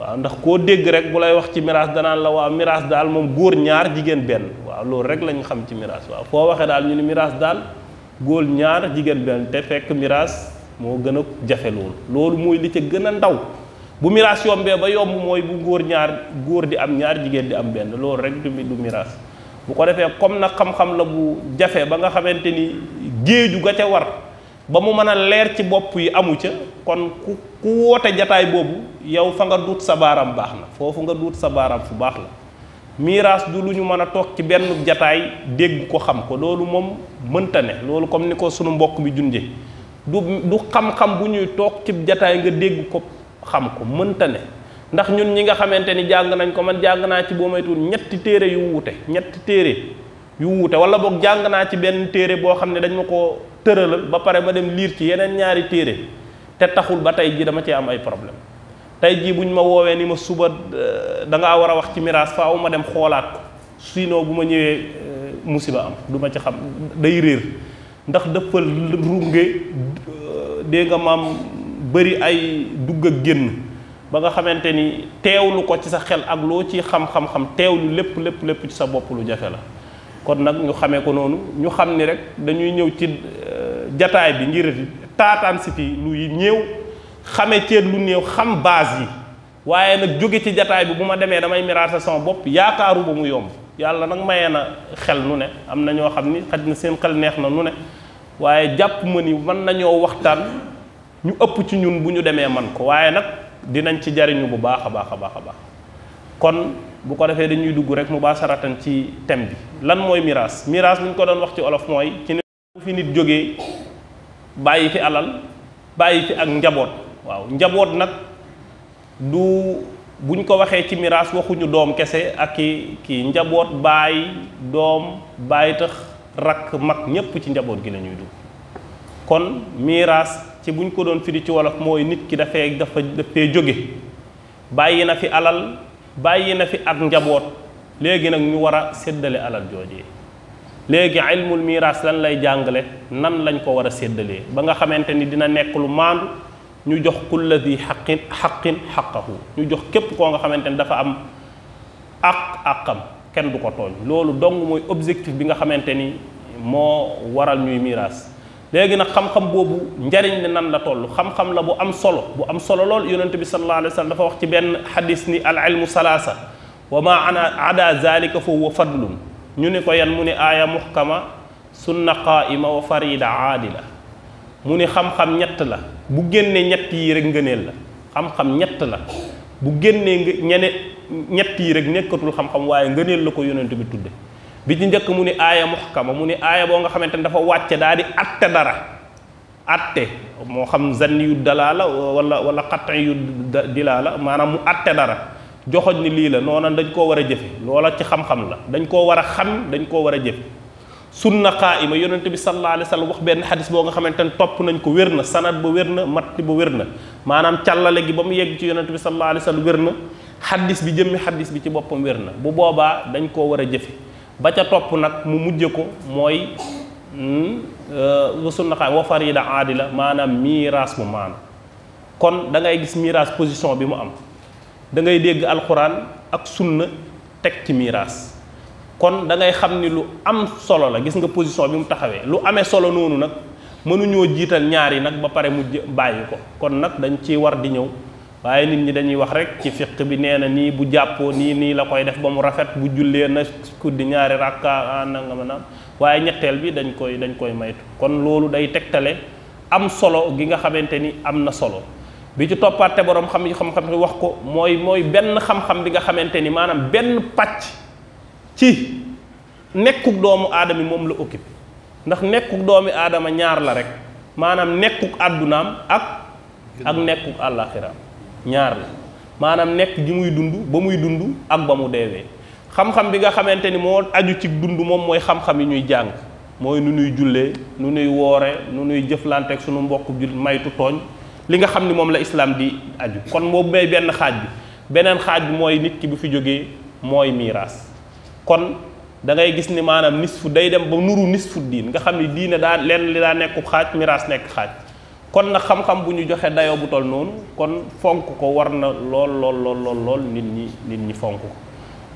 waaw ndax koo dégg rek bu lay wax ci miraas danaan la waaw miraas daal moom góor ñaar jigéen benn waaw loolu rek lañ xam ci miraas waaw foo waxee daal ñu ni miraas daal góor ñaar jigéen benn te fekk miraas moo gën a jafe loolu loolu mooy li ca gën a ndaw bu miraas yombee ba yomb mooy bu góor ñaar góor di am ñaar jigéen di am benn loolu rek du du miraas bu ko defee comme nag xam-xam la bu jafe ba nga xamante ni géeju ga ca war ba mu mën a leer ci bopp yi amu ca kon ku ku woote jataay boobu yow fa nga duut sa baaraam baax na foofu nga duut sa baaraam fu baax la miraas du lu ñu mën a toog ci benn jataay dégg ko xam ko loolu moom mënta ne loolu comme ni ko sunu mbokk mi junje du du xam bu ñuy toog ci jataay nga dégg ko xam ko mënta ne ndax ñun ñi nga xamante ni jàng nañ ko man jàng naa ci boo maytuwul ñetti téere yu wuute ñetti téere yu wuté wala bok jang na ci ben téré bo xamné dañ mako ko ba pare ma dem lire ci yenen ñaari téré té taxul ba tay ji dama ci am ay problème tay ji buñ ma woowee ni ma suba eh, da nga wara wax ci miraas faaw ma dem xolaat ko sino buma ñëwé eh, musiba am duma ci xam day rër ndax deppal runge eh, dé nga mam bari ay dugg ak genn ba nga xamanteni téwlu ko ci sa xel ak lo ci xam-xam-xam téwlu lepp lepp lepp ci sa bop lu jafé la kon nag ñu xamee ko noonu ñu xam ni rek dañuy ñëw ci euh, jataay bi ngir taataan si fi lu ñëw xame ceet lu néew xam baas yi waaye nag jóge ci jataay bi bu ma demee damay miraate sama bopp yaakaaru ba mu yomb yàlla nag mayee na xel nu ne am na ñoo xam ni xaj na seen xel neex na nu ne waaye jàpp ma ni mën nañoo waxtaan ñu ëpp ci ñun bu ñu demee man ko waaye nag dinañ ci jariñu bu baax a baax a baax a baax kon bu ko defé dañuy dugg rek mu baasaratan ci thème bi lan moy mirage mirage buñ ko doon wax ci olof moy ci fi nit joggé bayyi fi alal bayyi fi ak njabot waaw njabot nak du buñ ko waxé ci miraas waxuñu dom kese ak ki njabot bayyi dom bayyi tax rak mak ñepp ci njabot gi lañuy dugg kon miras ci buñ ko doon firi ci wolof moy nit ki dafee dafa dafee jóge bàyyi na fi alal bàyyi na fi ak njaboot léegi nag ñu war a séddale alal joojee léegi ilmul miiraas lan lay jàngale nan lañ ko war a séddalee ba nga xamante ni dina nekk lu maandu ñu jox kulla di xaqin xaqin ñu jox képp koo nga xamante ni dafa am àq àqam kenn du ko tooñ loolu dong mooy objectif bi nga xamante ni moo waral ñuy miiraas léegi nag xam-xam bobu njariñ li nan la tollu xam-xam la bu am solo bu am solo lol yonent bi sallallahu alayhi wasallam dafa wax ci ben hadith ni al ilmu salasa wa ma ana ada zalika fa huwa fadlun ñu ni ko yan mu ni aaya muhkama sunna qaa'ima wa farida aadila mu ni xam-xam ñett la bu génnee ñett yi rek ngëneel la xam-xam ñett la bu génnee ñene ñett yi rek nekkatul xam-xam waaye ngëneel la ko yonent bi tudde bi ci njëkk mu ni aya muhkama mu ni aya bo nga xamantene dafa wacce daa atte dara atte mo xam zanni yu dalala wala wala qat'i yu dilala manam mu atte dara nilila, ni li la nonan dañ ko wara a lola ci xam-xam la dañ ko wara xam dañ ko wara jëf sunna qaima yonente bi sallallahu alaihi wasallam wax ben hadith bo nga xamantene top nañ ko werna sanad ba werna matti ba werna manam cyallale gi bamu yegg ci yonente bi sallallahu alaihi wasallam werna hadith bi jëmmi hadith bi ci bopam werna bu boba dañ ko wara jëfé ba ca topp nag mu mujj ko mooy hmm, euh, wasul na xam wa farida aadila maanaam miiras mu maana kon dangay gis miiras position bi mu am da ngay dégg alxuraan ak sunna teg ci miiras kon dangay xam ni lu am solo la gis nga position bi mu taxawee lu amee solo noonu nag mënuñoo jiital ñaar yi nag ba pare mujj bàyyi ko kon nag dañ ci war di ñëw waye nit ñi dañuy wax rek ci fiq bi neena ni bu jappo ni ni la koy def ba mu rafet bu julle na di ñaari rakka nanga ma itu. Kon lulu bi dañ koy dañ koy maytu kon loolu day tektale am solo gi nga xamanteni am na solo bi ci topaté borom xam xam-xam wax ko moy moy ben xam-xam bi nga xamanteni manam ben patch ci nekkuk doomu adami mom la occupé ndax nekkuk doomi adama ñaar la rek manam nekkuk àddunaam ak ak nekkuk alakhirah ñaar la manam nek ji muy dundu ba muy dundu ak ba mu dewe xam-xam bi nga xamanteni ni aju ci dundu mom moy xam-xam yi ñuy jang moy nu nuy julle nu nuy woré nu nuy jëflanté ak suñu mbokk jul maytu togn li nga xamni mom la islam di aju kon mo may ben xaj bi benen xaj bi moy nit ki bu fi joggé moy kon da ngay gis ni manam nisfu day dem ba nuru nisfu diin nga xamni ni diine daa lenn li da nekku xaj miras nekk xaj kon na xam-xam bu ñu joxe dayo bu tol noonu kon fonk ko war lol lol lol lol lool lool nit ñi nit ñi fonk ko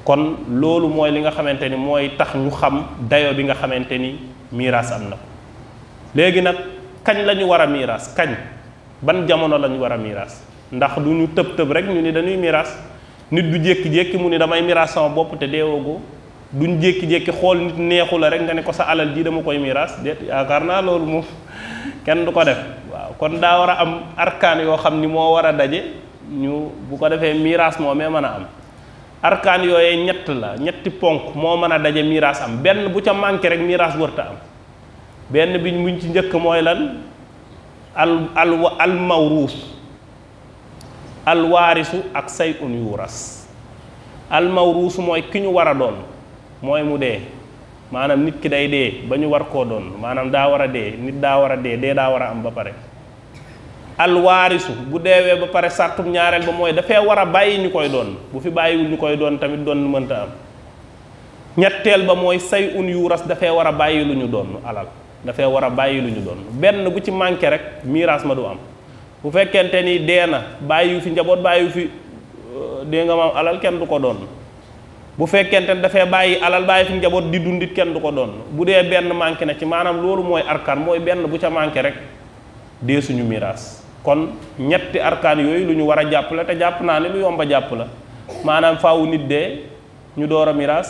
kon loolu mooy li nga xamante ni mooy tax ñu xam dayo bi nga xamante ni miiras am na ko léegi nag kañ la ñu war a miiras kañ ban jamono la ñu war a ndax du ñu tëb tëb rek ñu ni dañuy mirage nit du jekki jekki mu ni damay mirage sama bopp te deewoogo duñ jekki jekki xool nit neexu la rek nga ne ko sa alal ji dama koy mirage det yaakaar naa loolu moom kenn du ko def waaw kon daa war a am arkaan yoo xam ni moo war a daje ñu bu ko defee miraas moomee mën a am arkaan yooyee ñett la ñetti ponk moo mën a daje miraas am benn bu ca manqué rek mirage wërta am benn bi muñ ci njëkk mooy lan al al al mawrus al waarisu ak say un yuuras al mawrus mooy ki ñu war a doon mooy mu dee maanaam nit ki day dee ba ñu war koo doon maanaam daa war a dee nit daa war a dee dee daa war a am ba pare alwaarisu bu deewee ba pare sàrtum ñaareel ba mooy dafee war a bàyyi ñu koy doon bu fi bàyyiwul ñu koy doon tamit doon mënta am ñetteel ba mooy say un yuuras dafee war a bàyyi lu ñu doon alal dafee war a bàyyi lu ñu doon benn bu ci manqué rek miiras ma du am bu fekkente ni dee na bàyyi fi njaboot bàyyi fi euh, dee nga ma am alal kenn du ko doon bu fekkenten da fe bàyyi alal bayi fi njabot di dundit ken duko don budé ben manké na ci manam lolu moy arkan moy ben bu ca manké rek dee suñu kon ñetti arkan yoy luñu wara japp la té japp na ni lu yomba japp la manam faaw nit dé ñu doora mirage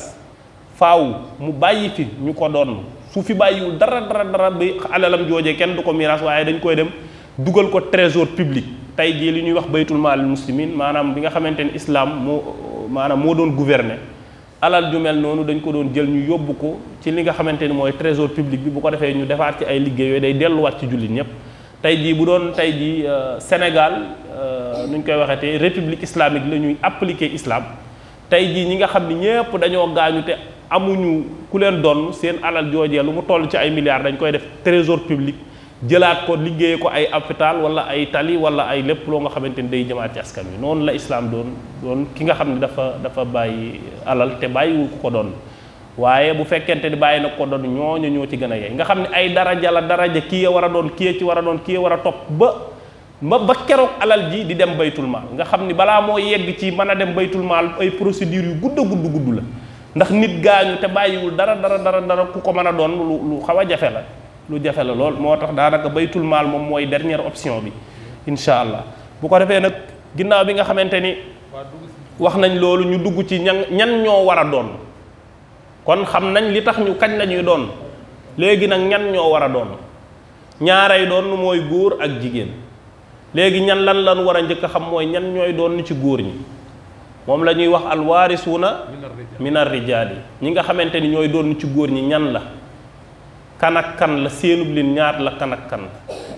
mu bayyi fi ñuko don su fi dara dara dara bi alalam jojé ken duko mirage miraas dañ koy dem dugal ko trésor public tay gi li ñuy wax baytul mal muslimin manam bi nga xamante islam mo manam mo doon gouverner alal ju mel qui dañ ko doon ñu ko ci li nga trésor public bi bu ko ñu ci ay ci bu doon euh, Sénégal euh, nous avons koy té république islamique Nous ñuy appliquer islam tay ji ñi nga xamni ñep dañoo amuñu ku leen doon seen alal lu mu milliards dañ koy def trésor public jëlaat ko liggéeye ko ay hôpital wala ay tali wala ay lépp loo nga xamante ni day jëmaat ci askan wi noonu la islaam doon doon ki nga xam ne dafa dafa bàyyi alal te bàyyiwu ko doon waaye bu fekkente ni bàyyi na ko doon ñooñu ñoo ci gën a yey nga xam ne ay daraja la daraja kii ya war a doon kii ci war a doon kii war a topp ba ma ba keroog alal ji di dem baytul maal nga xam ni balaa moo yegg ci mën a dem baytul maal ay procédures yu gudd a gudd la ndax nit gaañu te bàyyiwul dara dara dara dara ku ko mën a doon lu lu xaw a jafe la lu jafé la lol motax da naka baytul mal mom moy dernière option bi inshallah allah bu ko defé nak ginnaw bi nga xamanteni ni wax nañ lolou ñu dugg ci ñan ñoo doon kon xam nañ li tax ñu kañ lañuy doon légui nak ñan ñoo wara doon ñaaray doon moy goor ak jigen légui ñan lan lan wara jëk xam moy ñan ñoy doon ci goor ñi mom lañuy wax al warisuna minar rijaali ñi nga xamanteni ni doon ci goor ñi ñan la kan kan la seenub lim ñaat la kan la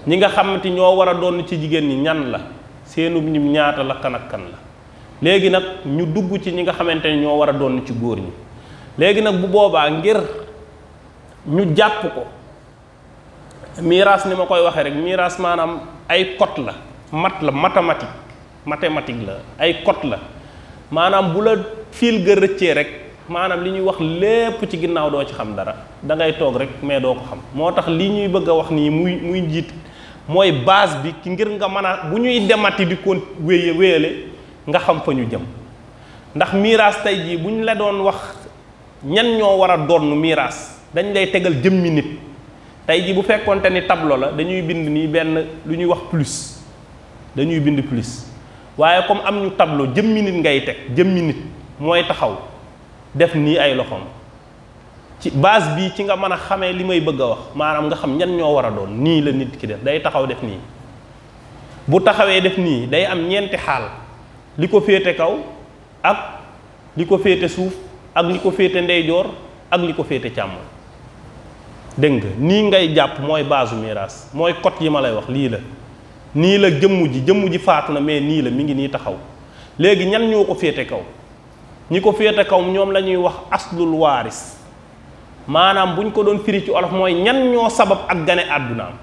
ñi nga xamante ñoo war a doon ci jigéen ñi ñan la seenub lim ñaata la kan la léegi nag ñu dugg ci ñi nga xamante ne ñoo war a doon ci góor ñi léegi nag bu boobaa ngir ñu jàpp ko miraas ni ma koy waxee rek miraas maanaam ay kot la mat la mathématique mathématique la ay kot la maanaam bu la fiil ga rëccee rek manam li ñuy wax lepp ci ginnaw do ci xam dara da ngay tok rek mais do ko xam motax li ñuy bëgg wax ni muy muy njiit moy base bi ki ngir nga mëna bu ñuy demati di kon wéyé wéyalé nga xam fa ñu jëm ndax mirage tay ji buñ la doon wax ñan ñoo wara doon mirage dañ lay tegal mi nit tay ji bu fekkonté ni tableau la dañuy bind ni ben lu ñuy wax plus dañuy bind plus waye comme am ñu tableau mi nit ngay jëm mi nit moy taxaw def nii ay loxoom ci base bi ci nga mën a xamee li may bëgg a wax maanaam nga xam ñan ñoo war a doon nii la nit ki def day taxaw def nii bu taxawee def nii day am ñeenti xaal li ko féete kaw ak li ko féete suuf ak li ko féete ndeyjoor ak li ko féete càmmoñ dégg nga nii ngay jàpp mooy base miraas mooy code yi ma lay wax lii la nii la jëmm ji jëmm ji faatu na mais nii la mi ngi nii taxaw léegi ñan ñoo ko féete kaw ñi ko féete kaw ñoom lañuy wax aslul waaris maanaam buñ ko doon firi ci olof mooy ñan ñoo sabab ak gane àddunaam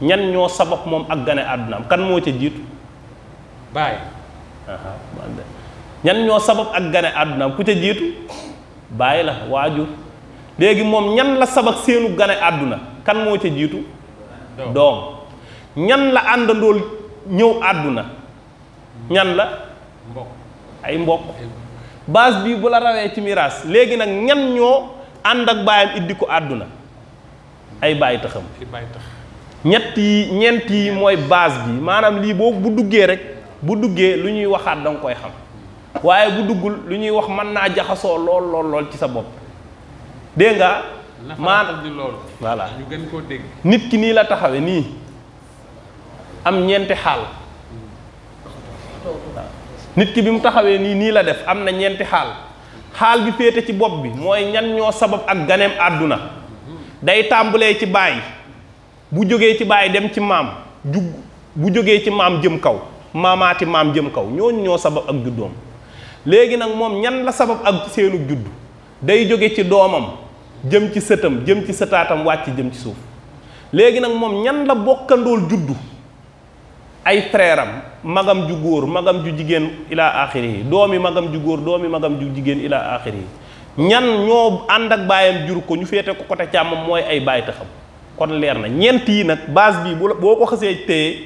ñan ñoo sabab moom ak gane àddunaam kan moo ca jiitu baay ñoo sabab ak gane àddunaam ku ca jiitu bàyyi la waajur léegi moom ñan la sabab seenu gane àdduna kan moo ca jiitu doom ñan la àndandool ñëw àdduna ñan la mbokk ay mbokk base bii bu la rawee ci miraas léegi nag ñan ñoo ànd ak baayam iddi ko àdduna ay bàyyi taxam ñett yi ñeent yi mooy baas bi maanaam lii boo bu duggee rek bu duggee lu ñuy waxaat da nga koy xam waaye bu duggul lu ñuy wax mën naa jaxasoo lool lool lool ci sa bopp dégg nga maanaam loolu voilà ñu gën dégg nit ki nii la taxawe nii am ñeenti xaal mm. nit ki bi mu taxawee nii nii la def am na ñeenti xaal xaal bi péete ci bopp bi mooy ñan ñoo sabab ak ganeem àdduna day tàmbulee ci baay bu jógee ci baay dem ci maam jug bu jógee ci maam jëm kaw maamaati maam jëm kaw ñooñu ñoo sabab ak juddoom léegi nag moom ñan la sabab ak seenu judd day jóge ci doomam jëm ci sëtam jëm ci sëtaatam wàcc jëm ci suuf léegi nag moom ñan la bokkandool juddu ay frère magam ju góor magam ju jigen ila akhiri domi magam ju góor domi magam ju jigen ila Nyan ñan ñoo and ak bayam jur ko ñu féete ko côté cham moy ay bay taxam kon leer na ñent yi nak base bi boko ko xasee li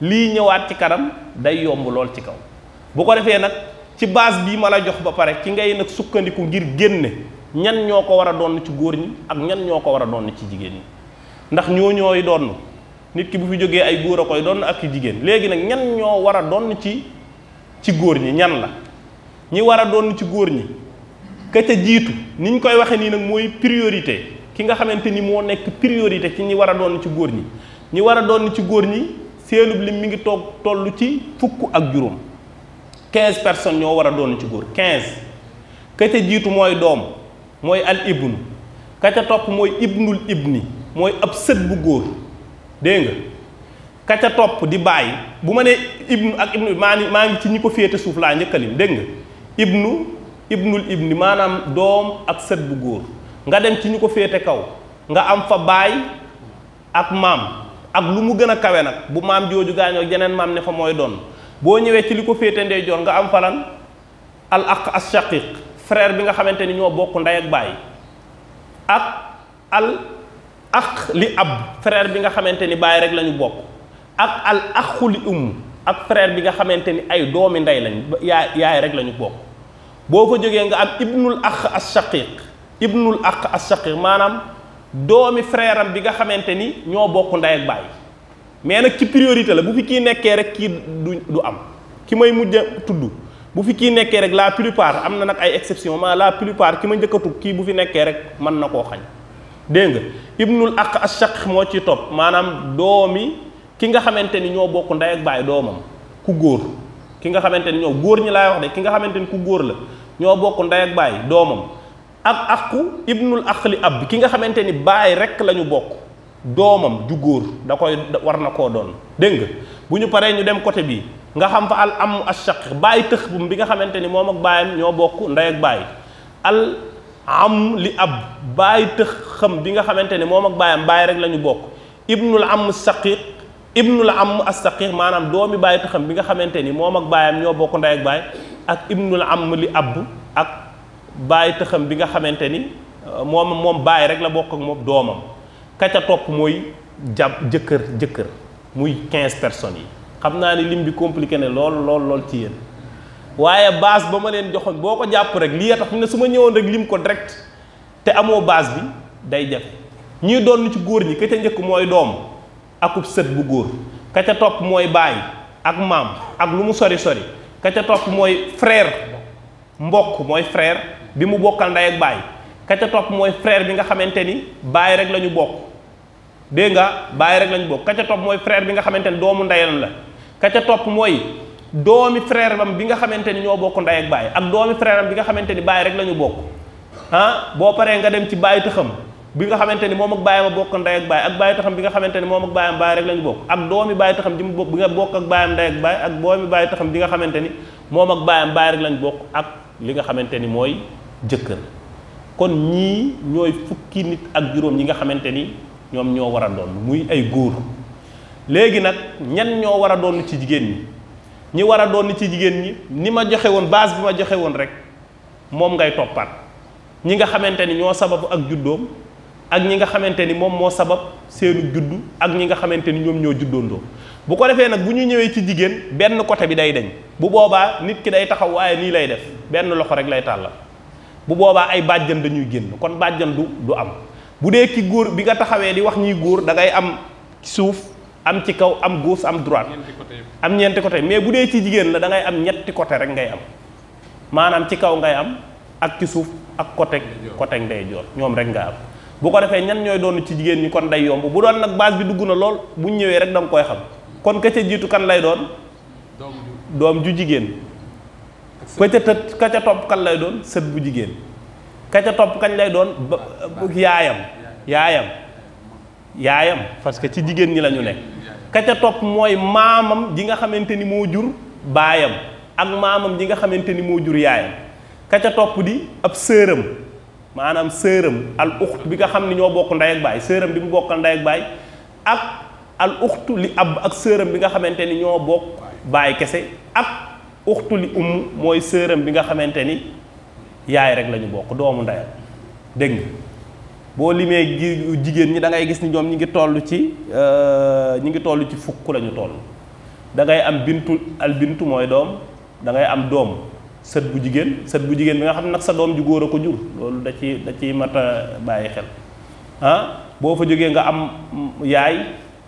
lii ñëwaat ci karam day yomb lol ci kaw bu ko defee nak ci base bi mala jox ba pare ci ngay nak sukkandiku ngir génne ñan ñoo ko war don ci góor ñi ak ñan ñoo ko war ci jigen ñi ndax ñoo ñoy nit ki bu fi jógee ay góor a koy doon ak jigéen léegi nag ñan ñoo war a doon ci ci góor ñi ñan la ñi war a doon ci góor ñi ka jiitu ni ñu koy waxee nii nag mooy priorité ki nga xamante ni moo nekk priorité ci ñi war a doon ci góor ñi ñi war a doon ci góor ñi seenub lim mi ngi toog tollu ci fukk ak juróom 15 personnes ñoo war a doon ci góor 15 ka jiitu mooy doom mooy al ibnu ka ca topp mooy ibnul ibni mooy ab sët bu góor dégg nga ka ca topp di bàyyi bu ma nee ibnu ak ibnu maa ngi maa ngi ci ñi ko féete suuf laa njëkkalim dégg nga ibnu ibnul ibni maanaam doom ak sët bu góor nga dem ci ñu ko féete kaw nga am fa baay ak maam ak lu mu gën a kawe nag bu maam jooju gaañoo geneen jeneen maam ne fa mooy doon boo ñëwee ci li ko féete ndeyjoor nga am falan al aq as shaqiq frère bi nga xamante ni ñoo bokk ndey ak baay ak al ak li ab frère bi nga xamante ni bàyyi rek lañu bokk ak al axu li umm ak frère bi nga xamante ni ay doomi ndey lañ yaay yaay rek lañu bokk boo ko jógee nga am ibnul ax ashaqiq ibnul ax ashaqiq maanaam doomi frère am bi nga xamante ni ñoo bokk ndey ak bàyyi mais nag ci priorité la bu fi kii nekkee rek kii du du am ki may mujj tudd bu fi kii nekkee rek la plupart am na nag ay exception ma la plupart ki ma njëkk a kii bu fi nekkee rek mën na koo xañ Deng, ibnul aq ashaq mo ci top manam domi ki nga xamanteni ño bokku nday ak bay domam ku gor ki nga xamanteni ño gor ñi lay wax de ki nga xamanteni ku gor la ño bokku nday ak bay domam ak ibnul aqli ab ki nga xamanteni bay rek lañu bokku domam ju gor da koy war na koo doon dégg nga ñu dem côté bi nga xam fa al am ashaq tekh tëx bi nga xamanteni mom ak bayam ño bokku nday ak bay al am li ab baay tëx xam bi nga xamante ne moom ak baayam bàyyi rek la ñu bokk ibnul am saqiq la am asaqiq maanaam doomi bàyyi tëxam bi nga xamante ni moom ak baayam ñoo bokk ndey ak baay ak ibnul am li ab ak baay tëxam bi nga xamante ni euh, moom moom bàyyi rek la bokk ak moom doomam kaca topp mooy jàpp jëkkër jëkkër muy quinze personnes yi xam naa ni lim bi compliqué ne lool lool lool ci yéen waye base bama len joxone boko japp ko jàpp rek lii tax ne suma ñewon rek lim ko direct te amo base bi day jafe ñi doon ci goor ñi ka ca njëkk mooy doom akub sët bu goor ka ca topp mooy ak mam ak lu mu sori sori ka ca topp frère mbokk moy frère bi mu bokal nday ak bay ka ca topp frère bi nga xamanteni bay rek lañu bok de nga bay rek lañu bok ka ca frère bi nga xamanteni ni doomu ndeyam la ka ca topp doomi frère bam bi nga xamante ni ñoo bokk ndey ak baay ak doomi frère bi nga xamante ni baay rek la ñu bokk ah boo paree nga dem ci baay taxam bi nga xamante ni moom ak baayam bokk ndey baay ak baay taxam bi nga xamante ni moom ak baayam baay rek la bokk ak doomi baay taxam ji mu bokk bi bokk ak baayam ndey ak baay baay taxam bi nga xamante ni moom ak baayam baay rek bokk ak li nga xamante ni mooy jëkkër kon ñii ñooy fukki nit ak juróom ñi nga xamante ni ñoom ñoo war a doon muy ay góor léegi nag ñan ñoo wara doon ci jigéen ñi ñi wara doon ci jigen ñi ni ma joxe won, base bi ma joxe won rek mom ngay topat ñi nga xamanteni ño sabab ak juddom ak ñi nga xamanteni mom mo sabab seenu judd ak ñi nga xamanteni ñom ño juddondo bu ko defé nak bu ñu ñëwee ci jigen ben côté bi day dañ bu boba nit ki day taxaw waaye ni lay def ben loxo rek lay talal bu boba ay badjan dañuy genn kon badjan du du am bu dee ki goor bi nga taxawé di wax ñi goor da ngay am suuf am ci kaw am gauche am droite am ñeenti côté mais bu dee ci jigen la da ngay am ñetti côté rek ngay am manam ci kaw ngay am ak ci souf ak côté côté ngay jor ñom rek nga am bu ko defee ñan ñoy doon ci jigen ñi kon day yomb bu doon nag base bi duguna lool bu ñëwé rek dang koy xam kon ka ca jitu kan lay doon dom ju jigen ka ca ka ca top kan lay doon seut bu jigen ka ca top kan lay doon yaayam yaayam yaayam parce que ci jigen ñi lañu ka ca topp mooy maamam ji nga xamante ni moo jur baayam ak maamam ji nga xamante ni moo jur yaayam ka ca topp di ab sëram maanaam sëram al uxt bi nga xam ne ñoo bokk ndey ak baay sëram bi mu bokkal ndey ak baay ak al uxtu li ab ak sëram bi nga xamante ni ñoo bokk baay kese ak uxtu li umm mooy sëram bi nga xamante ni yaay rek lañu bokk doomu ndeyam dégg bo limé jigen ñi da ngay gis ni ñom ñi ngi tollu ci euh, ñi ngi tollu ci fukk lañu tollu da ngay am bintu al bintu moy dom da ngay am dom sët bu jigen sët bu jigen bi nga xam nak sa dom ju góor ko jur loolu da ci da ci mata baye xel ah bo fa joge nga am yaay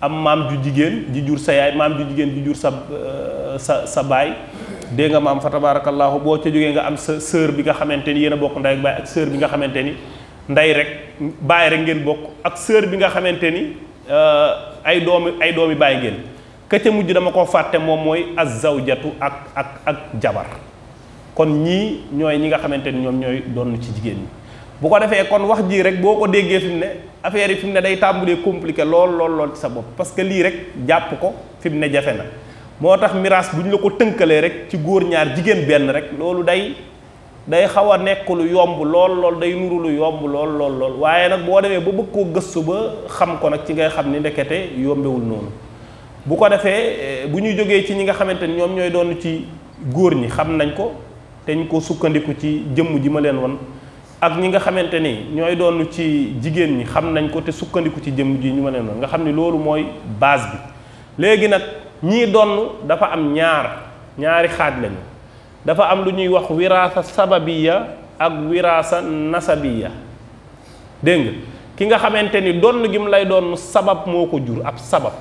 am mam ju jigen ji jur sa yaay mam ju jigen ji jur sa euh, sa baye de nga mam fa tabarakallah bo ci joge nga am sa sœur bi nga xamanteni yena bok nday ak ak sœur bi nga xamanteni nday rek bay rek ngeen bok ak sœur bi nga xamanteni euh ay doomi ay doomi bay ngeen ke ca mujj dama ak ak ak jabar kon ñi ñoy ñi nga xamanteni ñom ñoy doon ci jigeen bu ko defé kon wax ji rek boko déggé déggee fi affaire yi fi lol lol day tambulé compliqué lol lol lol ci sa bop parce que li rek japp ko fi mu na motax mirage buñ la ko rek ci goor ñaar jigeen ben rek lolou day day xaw a nekk yomb lool lool day nuru yomb lool lool lool waaye nag boo demee ba bëgg koo gëstu ba xam ko nag ci ngay xam ni ndekete yombewul noonu bu ko defee eh, bu ñu jógee ci ñi nga xamante ni ñoom ñooy doon ci góor ñi xam nañ ko te ko sukkandiku ci jëmm ji ma leen wan ak ñi nga xamante ni ñooy doon ci jigéen ñi xam nañ ko te sukkandiku ci jëmm ji ñu ma leen wan nga xam ni loolu mooy base bi léegi nag ñii donn dafa am ñaar ñaari xaaj lañu dafa am lu ñuy wax wirasa sababiyya ak wirasa nasabiyya deng ki nga xamanteni donu lay sabab moko jur ab sabab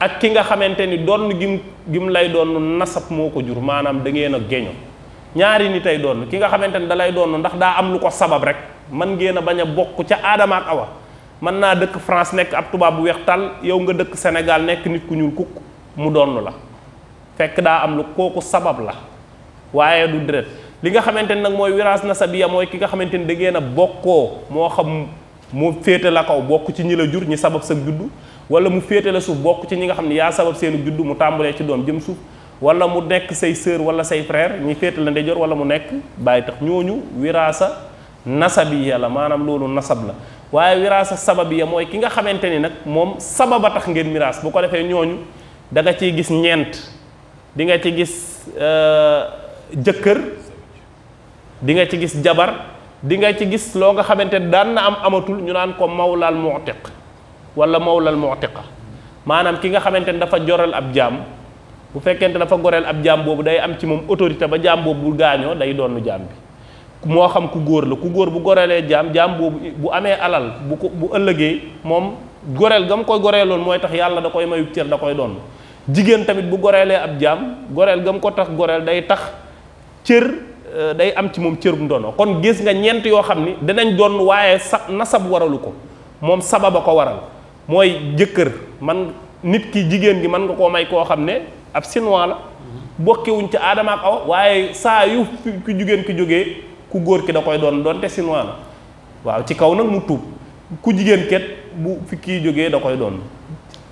ak ki nga xamanteni donu gim gim lay doon nasab moko jur manam da ngeen a geñu ñaari ni tay doon ki nga xamanteni da lay ndax da am lu ko sabab rek man ngeena baña bokku a ak awa man na dëkk France nek ab tubaab bu weex yow nga dëkk senegal nek nit ku ñul kuk mu la fekk da am lu koku sabab la waye du deret li nga xamantene nak moy mooy nasabiya moy ki nga xamantene de gene bokko mo xam mu fete la kaw bokku ci ñi la jur ñi sabab sa juddu wala mu fete la su bokku ci ñi nga xamni ya sabab seenu juddu mu tambule ci dom jëm suuf wala mu nek say sœur wala say frère ñi fete la ndejor wala mu nek baye tax ñoñu wirasa nasabiya la manam lolu nasab la waye wirasa sababiya moy ki nga xamanteni nak mom sababa tax ngeen mirage bu ko defé ñoñu da nga ci gis ñent dinga nga ci gis euh, jëkkër di nga ci gis jabar di nga ci gis loo nga xamante ne daan na am amatul ñu naan ko mawlal mu'tiq wala mawlal mu'tiqa maanaam ki nga xamante ne dafa joral ab jaam bu fekkente dafa goreel ab jaam boobu day am ci moom autorité ba jaam boobu bu gaañoo day doonu jaam bi moo xam ku góor la ku góor bu goreelee jaam jaam boobu bu amee alal bu ko bu ëllëgee moom goreel ga mu koy goreeloon mooy tax yàlla da koy mayu cër da koy doon jigen tamit bu gorélé ab jam gorél gam ko tax gorél day tax cër euh, day am ci mom cër bu ndono kon gis nga ñent yo xamni ni dinañ doon waaye nasab waralu ko moom sababa ko waral moy man nit ki jigen gi man nga ko may ko xamné ab sinwa la wuñ ci adam ak aw waaye sa yu ku jigen ki joggé ku gor ki da koy doon té sinwa la waaw ci kaw nak mu tup ku jigen ket bu fikki joggé da koy doon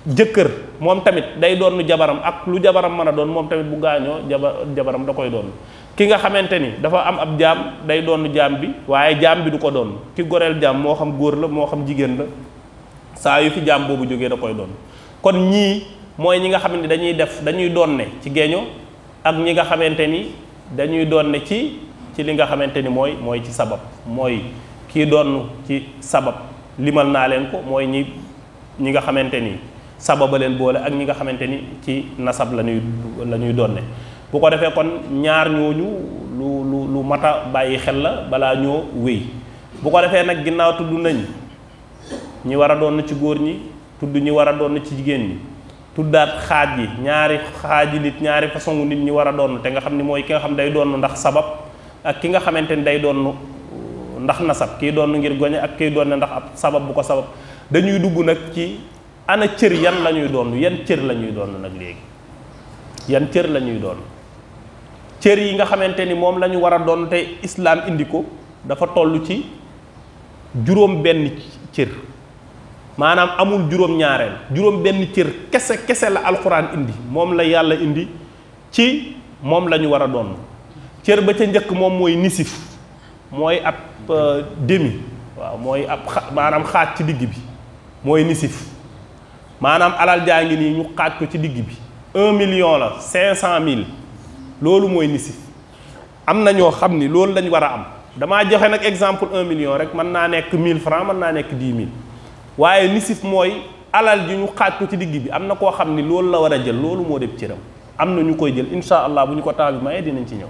jëkkër mom tamit day doon jabaram ak lu jabaram mana doon mom tamit bu gaño jaba jabaram da koy doon ki nga xamanteni dafa am ab jam day doon jam bi waye jam bi du ko doon ki gorel jam mo xam gor la mo xam jigen la sa yu fi jam bobu joge da koy doon kon ñi moy ñi nga xamanteni ne dañuy def dañuy doon ne ci geño ak ñi nga xamanteni dañuy doon ne ci ci li nga xamanteni moy moy ci sabab moy ki doon ci sabab limal na len ko moy ñi ñi nga xamanteni sababa len boole ak ñi nga ci nasab lañuy lañuy donné donne bu ko défé kon ñaar ñooñu lu lu lu mata bayyi xel la bala ñoo wéy bu ko défé nak ginnaw tuddu nañ ñi wara a doon ci goor ñi tuddu ñi wara a doon ci jigen ñi tuddat xaj yi ñaari xaaji nit ñaari façon nit ñi wara doon nga xamni ni ki nga xam day doon ndax sabab ak ki nga xamanteni ni day doon ndax nasab ki doon ngir goñ ak ki doon ndax sabab bu ko sabab dañuy dugg nak ci ana cër yan la doon yan cër la doon nak légui yan cër la doon cër yi nga xamanteni ni lañu la doon te islam indiko dafa tollu ci jurom ben cër manam amul jurom ñaarel jurom ben cër kese kese la alquran indi mom la yalla indi ci mom la wara doon cër ba ca njëkk mom moy nisif moy ab euh, demi waaw moy ab manam xaat ci digg bi moy nisif manam alal jaa ngi nii ñu xat ko ci digg bi 1 million la cinq cent mille loolu mooy nisif am na ñoo xam lañ wara am dama joxe nak exemple 1 million rek man na nek 1000 francs man na nek 10000 waye nisif moy alal ji ñu xat ko ci digg bi amna ko xamni lolu la wara jël lolu mo def ci ram amna ñu koy jël insha allah bu ko temps bi dinañ ci ñëw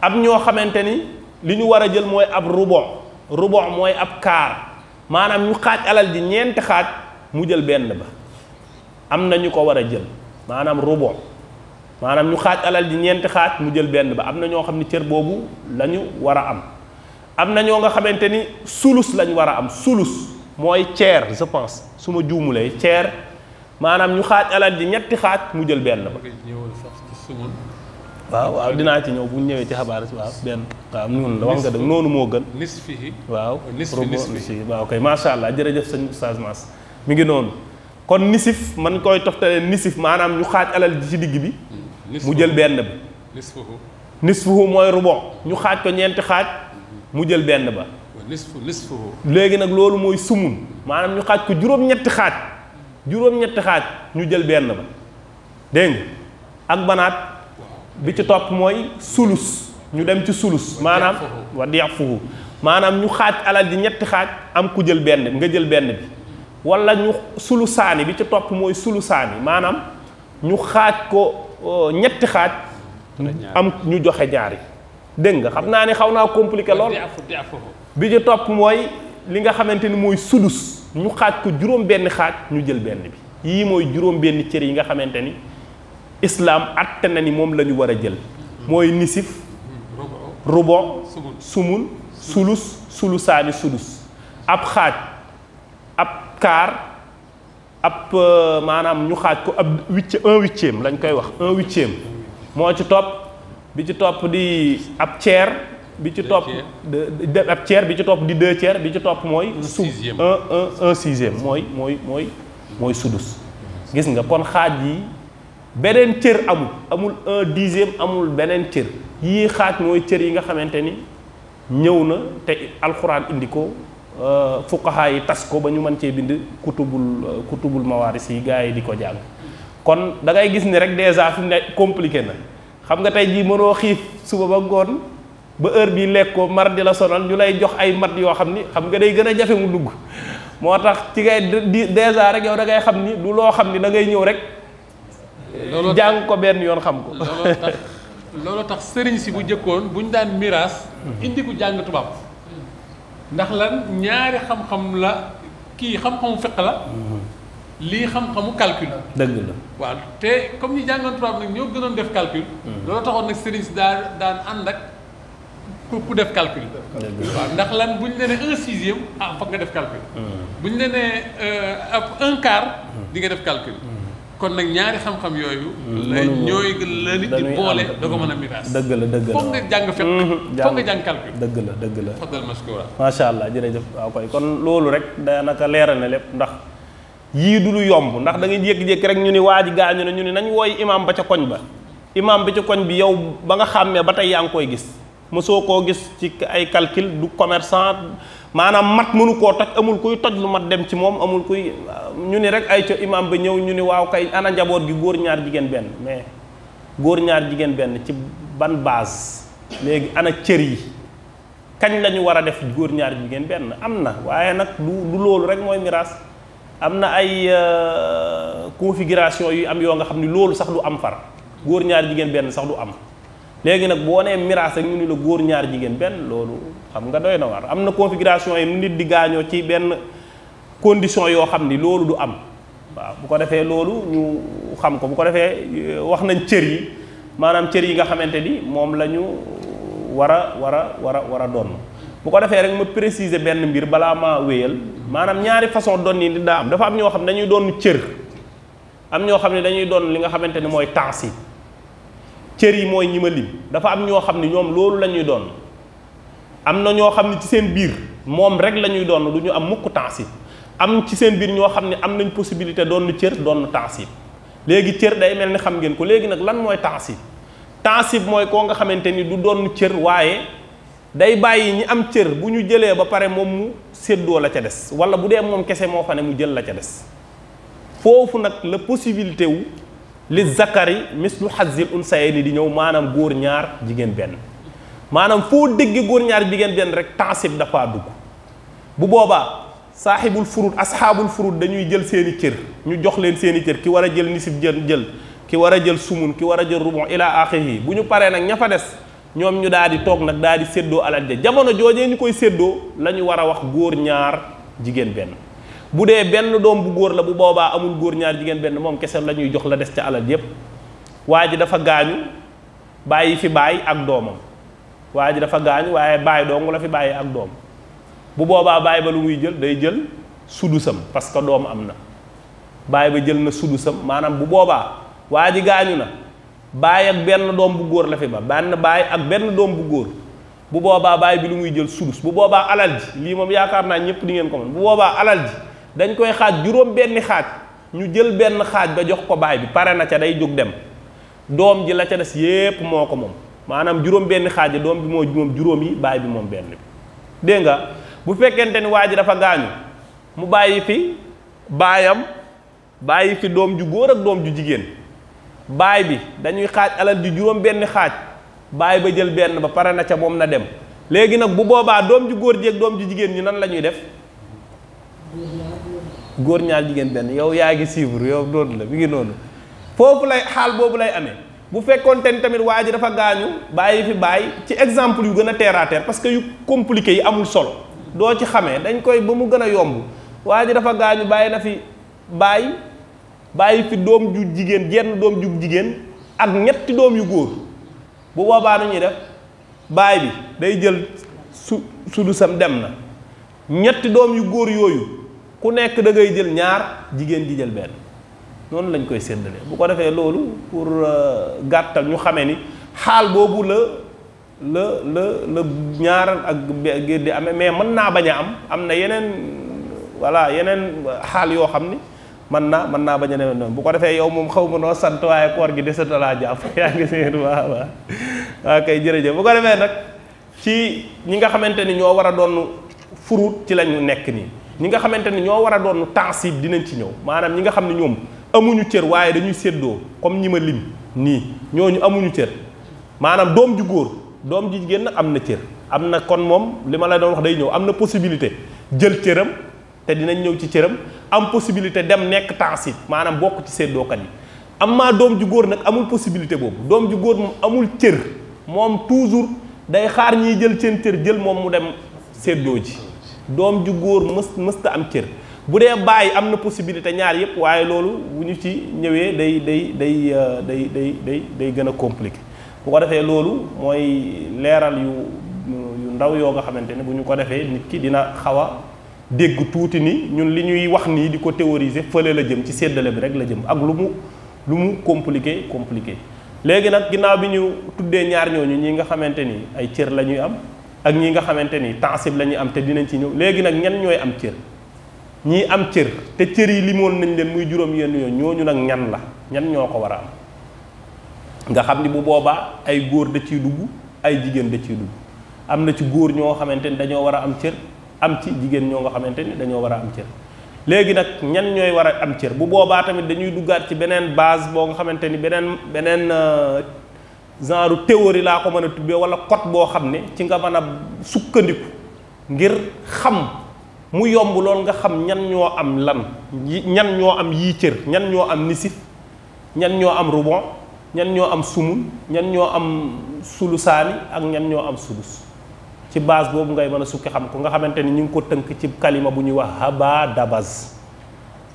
ab ño xamanteni ni li ñu war jël moy ab rubon rubon moy ab kaar manam ñu xat alal ji ñent xat mu jël benn ba am na ñu ko war a jël maanaam rebond maanaam ñu xaaj alal ji ñeenti xaaj mu jël benn ba am na ñoo xam ne cër boobu lañu war a am am na ñoo nga xamante ni sulus lañ war a am sulus mooy ceer je pense su ma juumulee ceer maanaam ñu xaaj alal ji ñetti xaaj mu jël benn ba waaw waaw dinaa ci ñëw bu ñëwee ci xabaar waaw benn waaw noonu la wax nga dëgg noonu moo gën waaw waaw kay macha allah jërëjëf sëñ Oustaz Mass mi ngi noonu kon nisif man koy toftale nisif maanaam ñu xaaj alal ji ci digg bi hmm. mu jël benn ba nisfuhu nisfuhu mooy rubo ñu xaaj ko ñeenti xaaj hmm. mu jël benn ba léegi nag loolu mooy sumun maanaam ñu xaaj ko juróom-ñetti xaaj juróom-ñetti xaaj ñu jël benn ba dégg ak banaat bi ci topp mooy sulus ñu dem ci sulus maanaam wa deex fuhu maanaam ñu xaaj alal ji ñetti xaaj am ku jël benn nga jël benn bi wala ñu sulu saani bi ci top moy sulu saani ñu xaj ko euh, ñetti xaj am ñu joxe ñaari deeng nga xamna ni xawna naa compliqué lool bi ci top moy li nga xamanteni moy ñu xaj ko juroom benn xaj ñu jël benn bi yi moy juroom benn ciir yi nga xamanteni islam atte na ni mom lañu wara jël moy nisif rubo sumun sulus sulusani sudus ab xaj ab car ab eh, manam ñu xaj ko ab huit un huitième lañ koy wax un huitième mo ci top bi ci top di ab tiers bi ci top de ab tiers bi ci top di deux tiers bi ci top moy su un un un sixième moy moy moy sudus gis nga kon xaj yi benen tiers amul amul un dixième amul benen tiers yi xaj moy tiers yi nga xamanteni ñewna te alcorane indi ko Eh, fuqaha yi tas ko ba ñu mën bind kutubul eh, kutubul mawaris yi gaay di ko jang kon da ngay gis ni rek déjà fi ne compliqué na xam nga tey jii mënoo xif suba ba ba heure bi lekkoo mar di la sonal ñu lay jox ay mat yo xamni ni xam nga day gëna jafé mu dugg motax ci ngay di rek yow da ngay xamni ni du lo xamni da ngay ñew rek jang ko ben yoon xam ko lolo tax serigne si bu jëkkoon buñ daan mirage hmm. indi ku jang tubab ndax lan ñaari xam-xam la kii xam-xamu fiq la. Mhm. lii xam-xamu calcul. dëgg la waaw te comme ñu jàngoon tubaab nag ñoo gënoon def calcul. Mhm. loolu taxoon nag sëriñ si daan daan ànd ak ku ku def calcul. waaw ndax lan bu ñu nee ne un sixième ah foog nga def calcul. Mhm. bu ñu nee ne euh, ab un quart. di def calcul. kon nag ñaari xam-xam yooyu. ñooy la nit di boole da ko mën a miraas. dëgg la dëgg la foog nga jàng fekk. Mhm. foog nga jàng calcul. dëgg la dëgg la fadal maskura. macha allah jërëjëf waaw koy kon loolu rek daanaka leeral na lépp ndax yii du lu yomb ndax da ngay jékki-jékki rek ñu ni waa ji gaañu ne ñu ni nañ wooy imaam ba ca koñ ba imaam bi ci koñ bi yow ba nga xàmmee ba tey koy gis mosoo koo gis ci ay calcul du commerçant maanaam mat mënu koo toj amul kuy toj lu mat dem ci moom amul kuy ñu ni rek ay ca imaam ba ñëw ñu ni waaw kay ana njaboot gi góor ñaar jigéen benn mais góor ñaar jigéen benn ci ban base léegi ana cër yi kañ la ñu war a def góor ñaar jigéen benn am na waaye nag du du loolu rek mooy miraas am na ay euh, configuration yu am yoo nga xam ni loolu sax du am far góor ñaar jigéen benn sax du am léegi nag boo nee miraas rek ñu ni la góor ñaari jigéen benn loolu xam nga doy na war am na configuration yi nit di gaañoo ci benn condition yoo xam ni loolu du am waaw bu ko defee loolu ñu xam ko bu ko defee euh, wax nañ cër yi maanaam cër yi nga xamante ni moom la ñu war a war a war a war a doon bu ko defee rek ma préciser benn mbir balaa maa wéyal maanaam ñaari façon doon yi daa am dafa am ñoo xam ne dañuy doon cër am ñoo xam ne dañuy doon li nga xamante ni mooy temps yi cër yi mooy ñi ma dafa am ñoo xam ne ñoom loolu la ñuy doon am na ñoo xam ne ci seen biir moom rek la ñuy doon du ñu am mukk tansib am ci seen biir ñoo xam ne am nañ possibilité doon cër doon tansib léegi cër day mel ni xam ngeen ko léegi nag lan mooy tansib tansib mooy koo nga xamante ni du doon cër waaye day bàyyi ñi am cër bu ñu jëlee ba pare moom mu séddoo la ca des wala bu dee moom kese moo fa ne mu jël la ca des foofu nag la possibilité wu li zakari mislu xazil unsayni di ñëw maanaam góor ñaar jigéen benn maanaam foo dégg góor ñaar jigéen benn rek tansib dafa dugg bu boobaa saaxibul furud asxaabul furud dañuy jël seeni cër ñu jox leen seeni cër ki war a jël nisib jël jël ki war a jël sumun ki war a jël rubu ila axiri bu ñu paree nag ña fa des ñoom ñu daal di toog nag daal di séddoo alal ja jamono joojee ñu koy séddoo la war a wax góor ñaar jigéen benn bu dee benn doom bu góor la bu boobaa amul góor ñaar jigéen benn moom kese la ñuy jox la des ca alal yépp waa ji dafa gaañu bàyyi fi baay ak doomam waa ji dafa gaañu waaye baay dong la fi bàyyi ak doom bu boobaa baay ba lu muy jël day jël sudusam parce que doom am na baay ba jël na sudusam maanaam bu boobaa waa gaañu na baay ak benn doom bu góor la fi ba benn baay ak benn doom bu góor bu boobaa baay bi lu muy jël sudus bu boobaa alal ji lii moom yaakaar naa ñëpp di ngeen ko mën bu boobaa alal ji dañ koy xaaj juróom benni xaaj ñu jël benn xaaj ba jox ko baay bi pare na ca day jóg dem doom ji la ca des yépp moo ko moom maanaam juróom benni xaaj doom bi moo moom juróom baay bi moom benn bi nga bu fekkente ni waa ji dafa gaañu mu bàyyi fi baayam bàyyi fi doom ju góor ak doom ju jigéen baay bi dañuy xaaj alal ji juróom benn xaaj baay ba jël benn ba pare na ca moom na dem léegi nag bu boobaa doom ju góor ji ak doom ju jigéen ñi nan la ñuy def góor ñaar jigéen benn yow yaa ngi suivre yow doon la mi ngi noonu foofu lay xaal boobu lay amee bu fekkoon te ni tamit waa ji dafa gaañu bàyyi fi bàyyi ci exemple yu gën a terre à parce que yu compliqué yi amul solo doo ci xamee dañ koy ba mu gën a yomb waa ji dafa gaañu bàyyi na fi bàyyi bàyyi fi doom ju jigéen jenn doom ju jigéen ak ñetti doom yu góor bu boobaa nu ñuy def baay bi day jël su sam dem na ñetti doom yu góor yooyu ku nekk da ngay jël ñaar jigéen ji jël benn noonu lañ koy séddale bu ko defee loolu pour euh, gàttal ñu xamee ni xaal boobu la la la la ñaaral ak gér di amee mais mën naa bañ a am am na yeneen voilà yeneen xaal yoo xam ni mën naa mën naa bañ a demee bu ko defee yow moom xaw ma noo sant waaye koor gi desata laa jàpp yaa ngi seen waaw waaw waa kay jërëjëf bu ko defee nag ci ñi nga xamante ni ñoo war a doon furut ci lañu nekk nii ñi nga xamante ni ñoo war a doon tansib dinañ ci ñëw maanaam ñi nga xam ne ñoom amuñu cër waaye dañuy séddoo comme ñi ma lim nii ñooñu amuñu cër maanaam doom ju góor doom ji génn am na cër am na kon moom li ma la doon wax day ñëw am na possibilité jël cëram te dinañ ñëw ci cëram am possibilité dem nekk tansib maanaam bokk ci séddookat yi am maa doom ju góor nag amul possibilité boobu doom ju góor moom amul cër moom toujours day xaar ñiy jël seen cër jël moom mu dem séddoo ji doom ju góor mës mësta am cër bu dee bàyyi am na possibilité ñaar yëpp waaye loolu bu ñu ci ñëwee day day day euh, day day day day gën a compliqué bu ko defee loolu mooy leeral yu yu ndaw yoo nga xamante ne bu ñu ko defee nit ki dina xaw a dégg tuuti ni ñun li ñuy wax nii di ko théoriser fële la jëm ci séddale bi rek la jëm ak lu mu lu mu compliqué compliqué léegi nag ginnaaw bi ñu tuddee ñaar ñooñu ñi nga xamante ni ay cër la ñuy am ak ñi nga xamante ni taasib la ñuy am te dinañ ci ñëw léegi nag ñan ñooy am cër ñii am cër te cër yi limoon nañ leen muy juróom yenn yooyu ñooñu nag ñan la ñan ñoo ko war a am nga xam ni bu boobaa ay góor da ciy dugg ay jigéen da ciy dugg am na ci góor ñoo xamante ni dañoo war a am cër am ci jigéen ñoo nga xamante ni dañoo war a am cër léegi nag ñan ñooy war a am cër bu boobaa tamit dañuy duggaat ci beneen base boo nga xamante ni beneen beneen euh, genre théorie laa ko mën a tuddee wala code boo xam ne ci nga mën a sukkandiku ngir xam mu yomb lool nga xam ñan ñoo am lan ñan ñoo am yii cër ñan ñoo am nisif ñan ñoo am rubon ñan ñoo am sumul ñan ñoo am sulusaani ak ñan ñoo am sulus ci base boobu ngay mën a sukki xam ku nga xamante ni ñu ngi ko tënk ci kalima bu ñuy wax haba dabas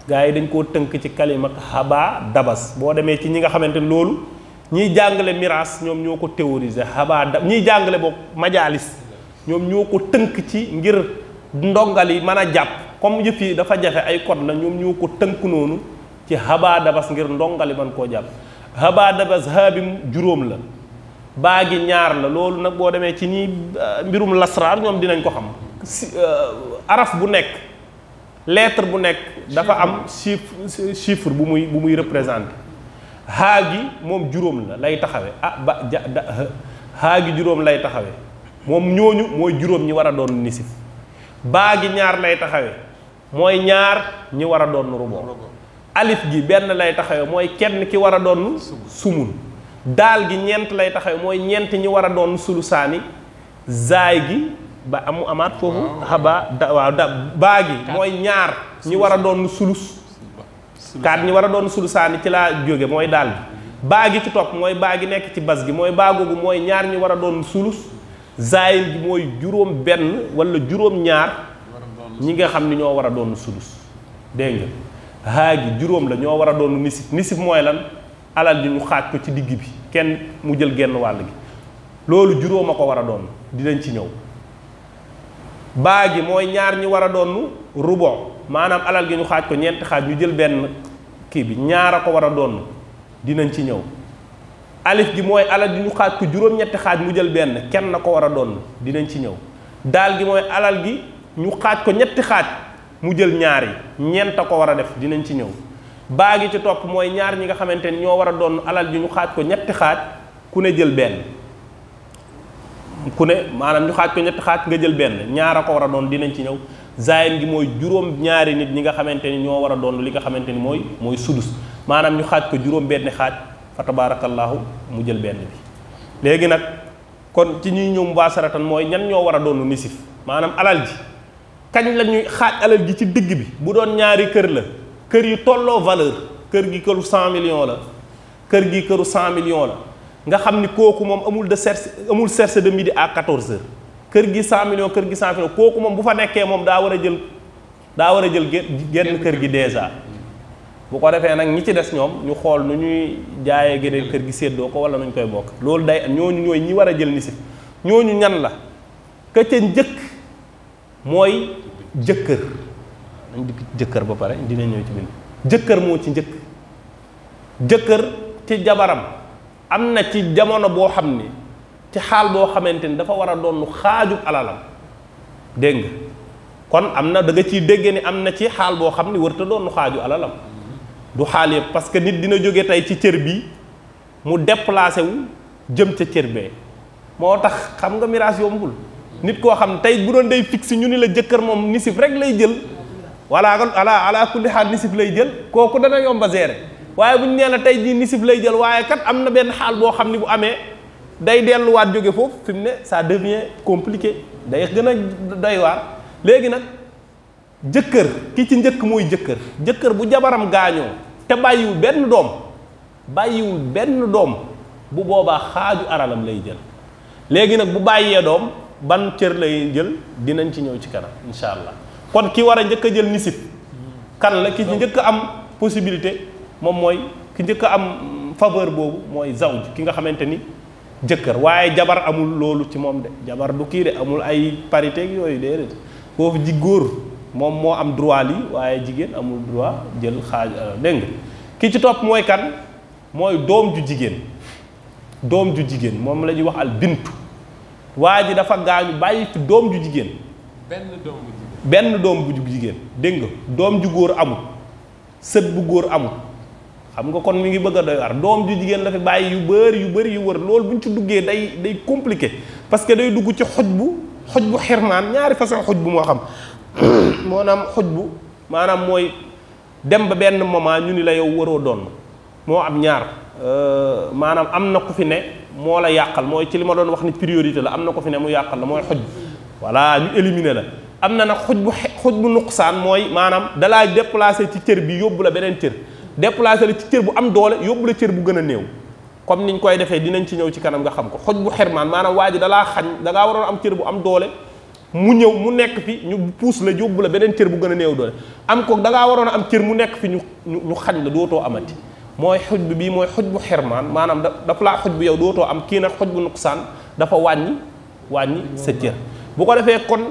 gars yi dañ koo tënk ci kalima haba dabas boo demee ci ñi nga xamante ni loolu ñiy jàngale miraas ñoom ñoo ko théoriser xabaa da ñiy jàngale boog majaalis ñoom ñoo ko tënk ci ngir ndongal yi mën a jàpp comme yëf yi dafa jafe ay code la ñoom ñoo ko tënk noonu ci xabaa dabas ngir ndongali man koo jàpp xabaa dabas juróom la baa gi ñaar la loolu nag boo demee ci ñi euh, mbirum lasraar ñoom dinañ ko xam si euh, araf bu nekk lettre bu nekk dafa am chiffre chiffre bu muy bu muy représenté haa gi moom juróom la lay taxawe ah haa gi juróom lay taxawe moom ñooñu mooy juróom ñi war a doon nisif baa gi ñaar lay taxawe mooy ñaar ñi war a doon rubo alif gi benn lay taxawe mooy kenn ki war a doon sumun daal gi ñeent lay taxawe mooy ñeent ñi war a doon sulusaani zaay gi ba amu amaat foofu xaba da waaw baa gi mooy ñaar ñi war a doon sulus kaat ñi war a doon sulusaani ci laa jóge mooy daal gi baa gi ci topp mooy baa gi nekk ci bas gi mooy baa googu mooy ñaar ñi war a doon sulus zaayil gi mooy juróom benn walla juróom ñaar ñi nga xam ni ñoo war a doon sulus dégg nga haa gi juróom la ñoo war a doon nisib nisib mooy lan alal bi ñu xaaj ko ci digg bi kenn mu jël genn wàll gi loolu juróom a ko war a doon dinañ ci ñëw baa gi mooy ñaar ñi war a doon rubo maanaam alal gi ñu xaaj ko ñeenti xaaj ñu jël benn kii bi ñaar a ko war a doon dinañ ci ñëw alif gi mooy alal gi ñu xaaj ko juróom-ñetti xaaj mu jël benn kenn na ko war a doon dinañ ci ñëw daal gi mooy alal gi ñu xaaj ko ñetti xaaj mu jël ñaar yi ñeent a ko war a def dinañ ci ñëw baa gi ci topp mooy ñaar ñi nga xamante ni ñoo war a doon alal gi ñu xaaj ko ñetti xaaj ku ne jël benn ku ne maanaam ñu xaaj ko ñetti xaaj nga jël benn ñaar a ko war a doon dinañ ci ñëw zaayid gi mooy juróom ñaari nit ñi nga xamante ni ñoo war a donn li nga xamante ni mooy mooy sudus maanaam ñu xaaj ko juróom benn xaaj fa tabaarakallaahu mu jël benn bi léegi nag kon ci ñuy ñëw mubaasaratan mooy ñan ñoo war a doon nisif maanaam alal ji kañ la ñuy xaaj alal ji ci digg bi bu doon ñaari kër la kër yu tolloo valeur kër gi këru 100 millions la kër gi këru 100 millions la nga xam ni kooku moom amul de cerce amul cerce de midi à 14 heures kër gi 100 millions kër gi 100 millions kooku moom bu fa nekkee moom daa war a jël daa war a jël genn kër gi dèjà bu ko defee nag ñi ci des ñoom ñu xool nu ñuy jaayee geneen kër gi séddoo ko wala nu ñu koy bokk loolu day ñu ñooy ñi war a jël nisif ñooñu ñan la ka ca njëkk mooy jëkkër dañ dikk jëkkër ba pare dina ñëw ci bind jëkkër moo ci njëkk jëkkër ci jabaram am na ci jamono boo xam ni ci xaal boo xamante ni dafa war a doon xaajub alalam dégg nga kon am na danga ciy dégg ni am na ci xaal boo xam ni warut a doon xaaju alalam du xaal yëpp parce que nit dina jóge tey ci cër bi mu déplacé wu jëm ca cër bee moo tax xam nga miraas yombul nit koo xam tey bu doon day fixe ñu ni la jëkkër moom nisif rek lay jël wala ala ala kulli xaal nisif lay jël kooku dana yomb a gérer waaye bu ñu nee la tey jii nisif lay jël waaye kat am na benn xaal boo xam ni bu amee. day delluwaat jóge foofu fi mu ne ça devient compliqué day gën a doy waar léegi nag jëkkër ki ci njëkk mooy jëkkër jëkkër bu jabaram gaañoo te bàyyiwul benn doom bàyyiwul benn doom bu boobaa xaaju aralam lay jël léegi nag bu bàyyee doom ban cër lay jël dinañ ci ñëw ci kanam incha allah kon ki war a njëkk a jël nisib kan la ki ci njëkk am possibilité moom mooy ki njëkk am faveur boobu mooy zawj ki nga xamante ni jëkkër waaye jabar amul loolu ci moom de jabar du kii de amul ay parité ak yooyu de foofu ji góor moom moo am droit li waaye jigéen amul droit jël xaaj euh, dégg nga ki ci topp mooy kan mooy doom ju jigéen doom ju jigéen moom lañuy ñuy wax al bintu waa ji dafa gaañu bàyyi fi doom ju jigéen benn doom bu jigéen benn dégg nga doom ju góor amul sët bu góor amul xam nga kon mi ngi bëgg a doy war doom ji jigéen la fi bàyyi yu bëri yu bëri yu wër loolu ñu ci duggee day day compliqué parce que day dugg ci xoj bu xoj bu xirnaan ñaari façon xoj bu moo xam moo xoj bu maanaam mooy dem ba benn moment ñu ni la yow waroo doon moo am ñaar euh, maanaam am na ku fi ne moo la yàqal mooy ci li ma doon wax ni priorité la am na ku fi ne mu yàqal la mooy xoj bu voilà ñu éliminer la am na nag xoj bu xoj bu nuqsaan mooy maanaam dalaa déplacé ci cër bi yóbbu la beneen cër déplacé la ci cër bu am doole yóbbu la cër bu gën a néew comme niñ koy defee dinañ ci ñëw ci kanam nga xam ko xoj bu xermaan maanaam waa ji dalaa xañ da am cër bu am doole mu ñëw mu nekk fi ñu puus la yóbbu la beneen cër bu gën a néew doole am ko da waroon am cër mu nekk fi ñu ñu xañ la dootoo amati mooy xoj bu bii mooy xoj bu xermaan maanaam da daf laa xoj bu yow dootoo am kii nag xoj bu nuqsaan dafa wàññi wàññi sa cër bu ko defee kon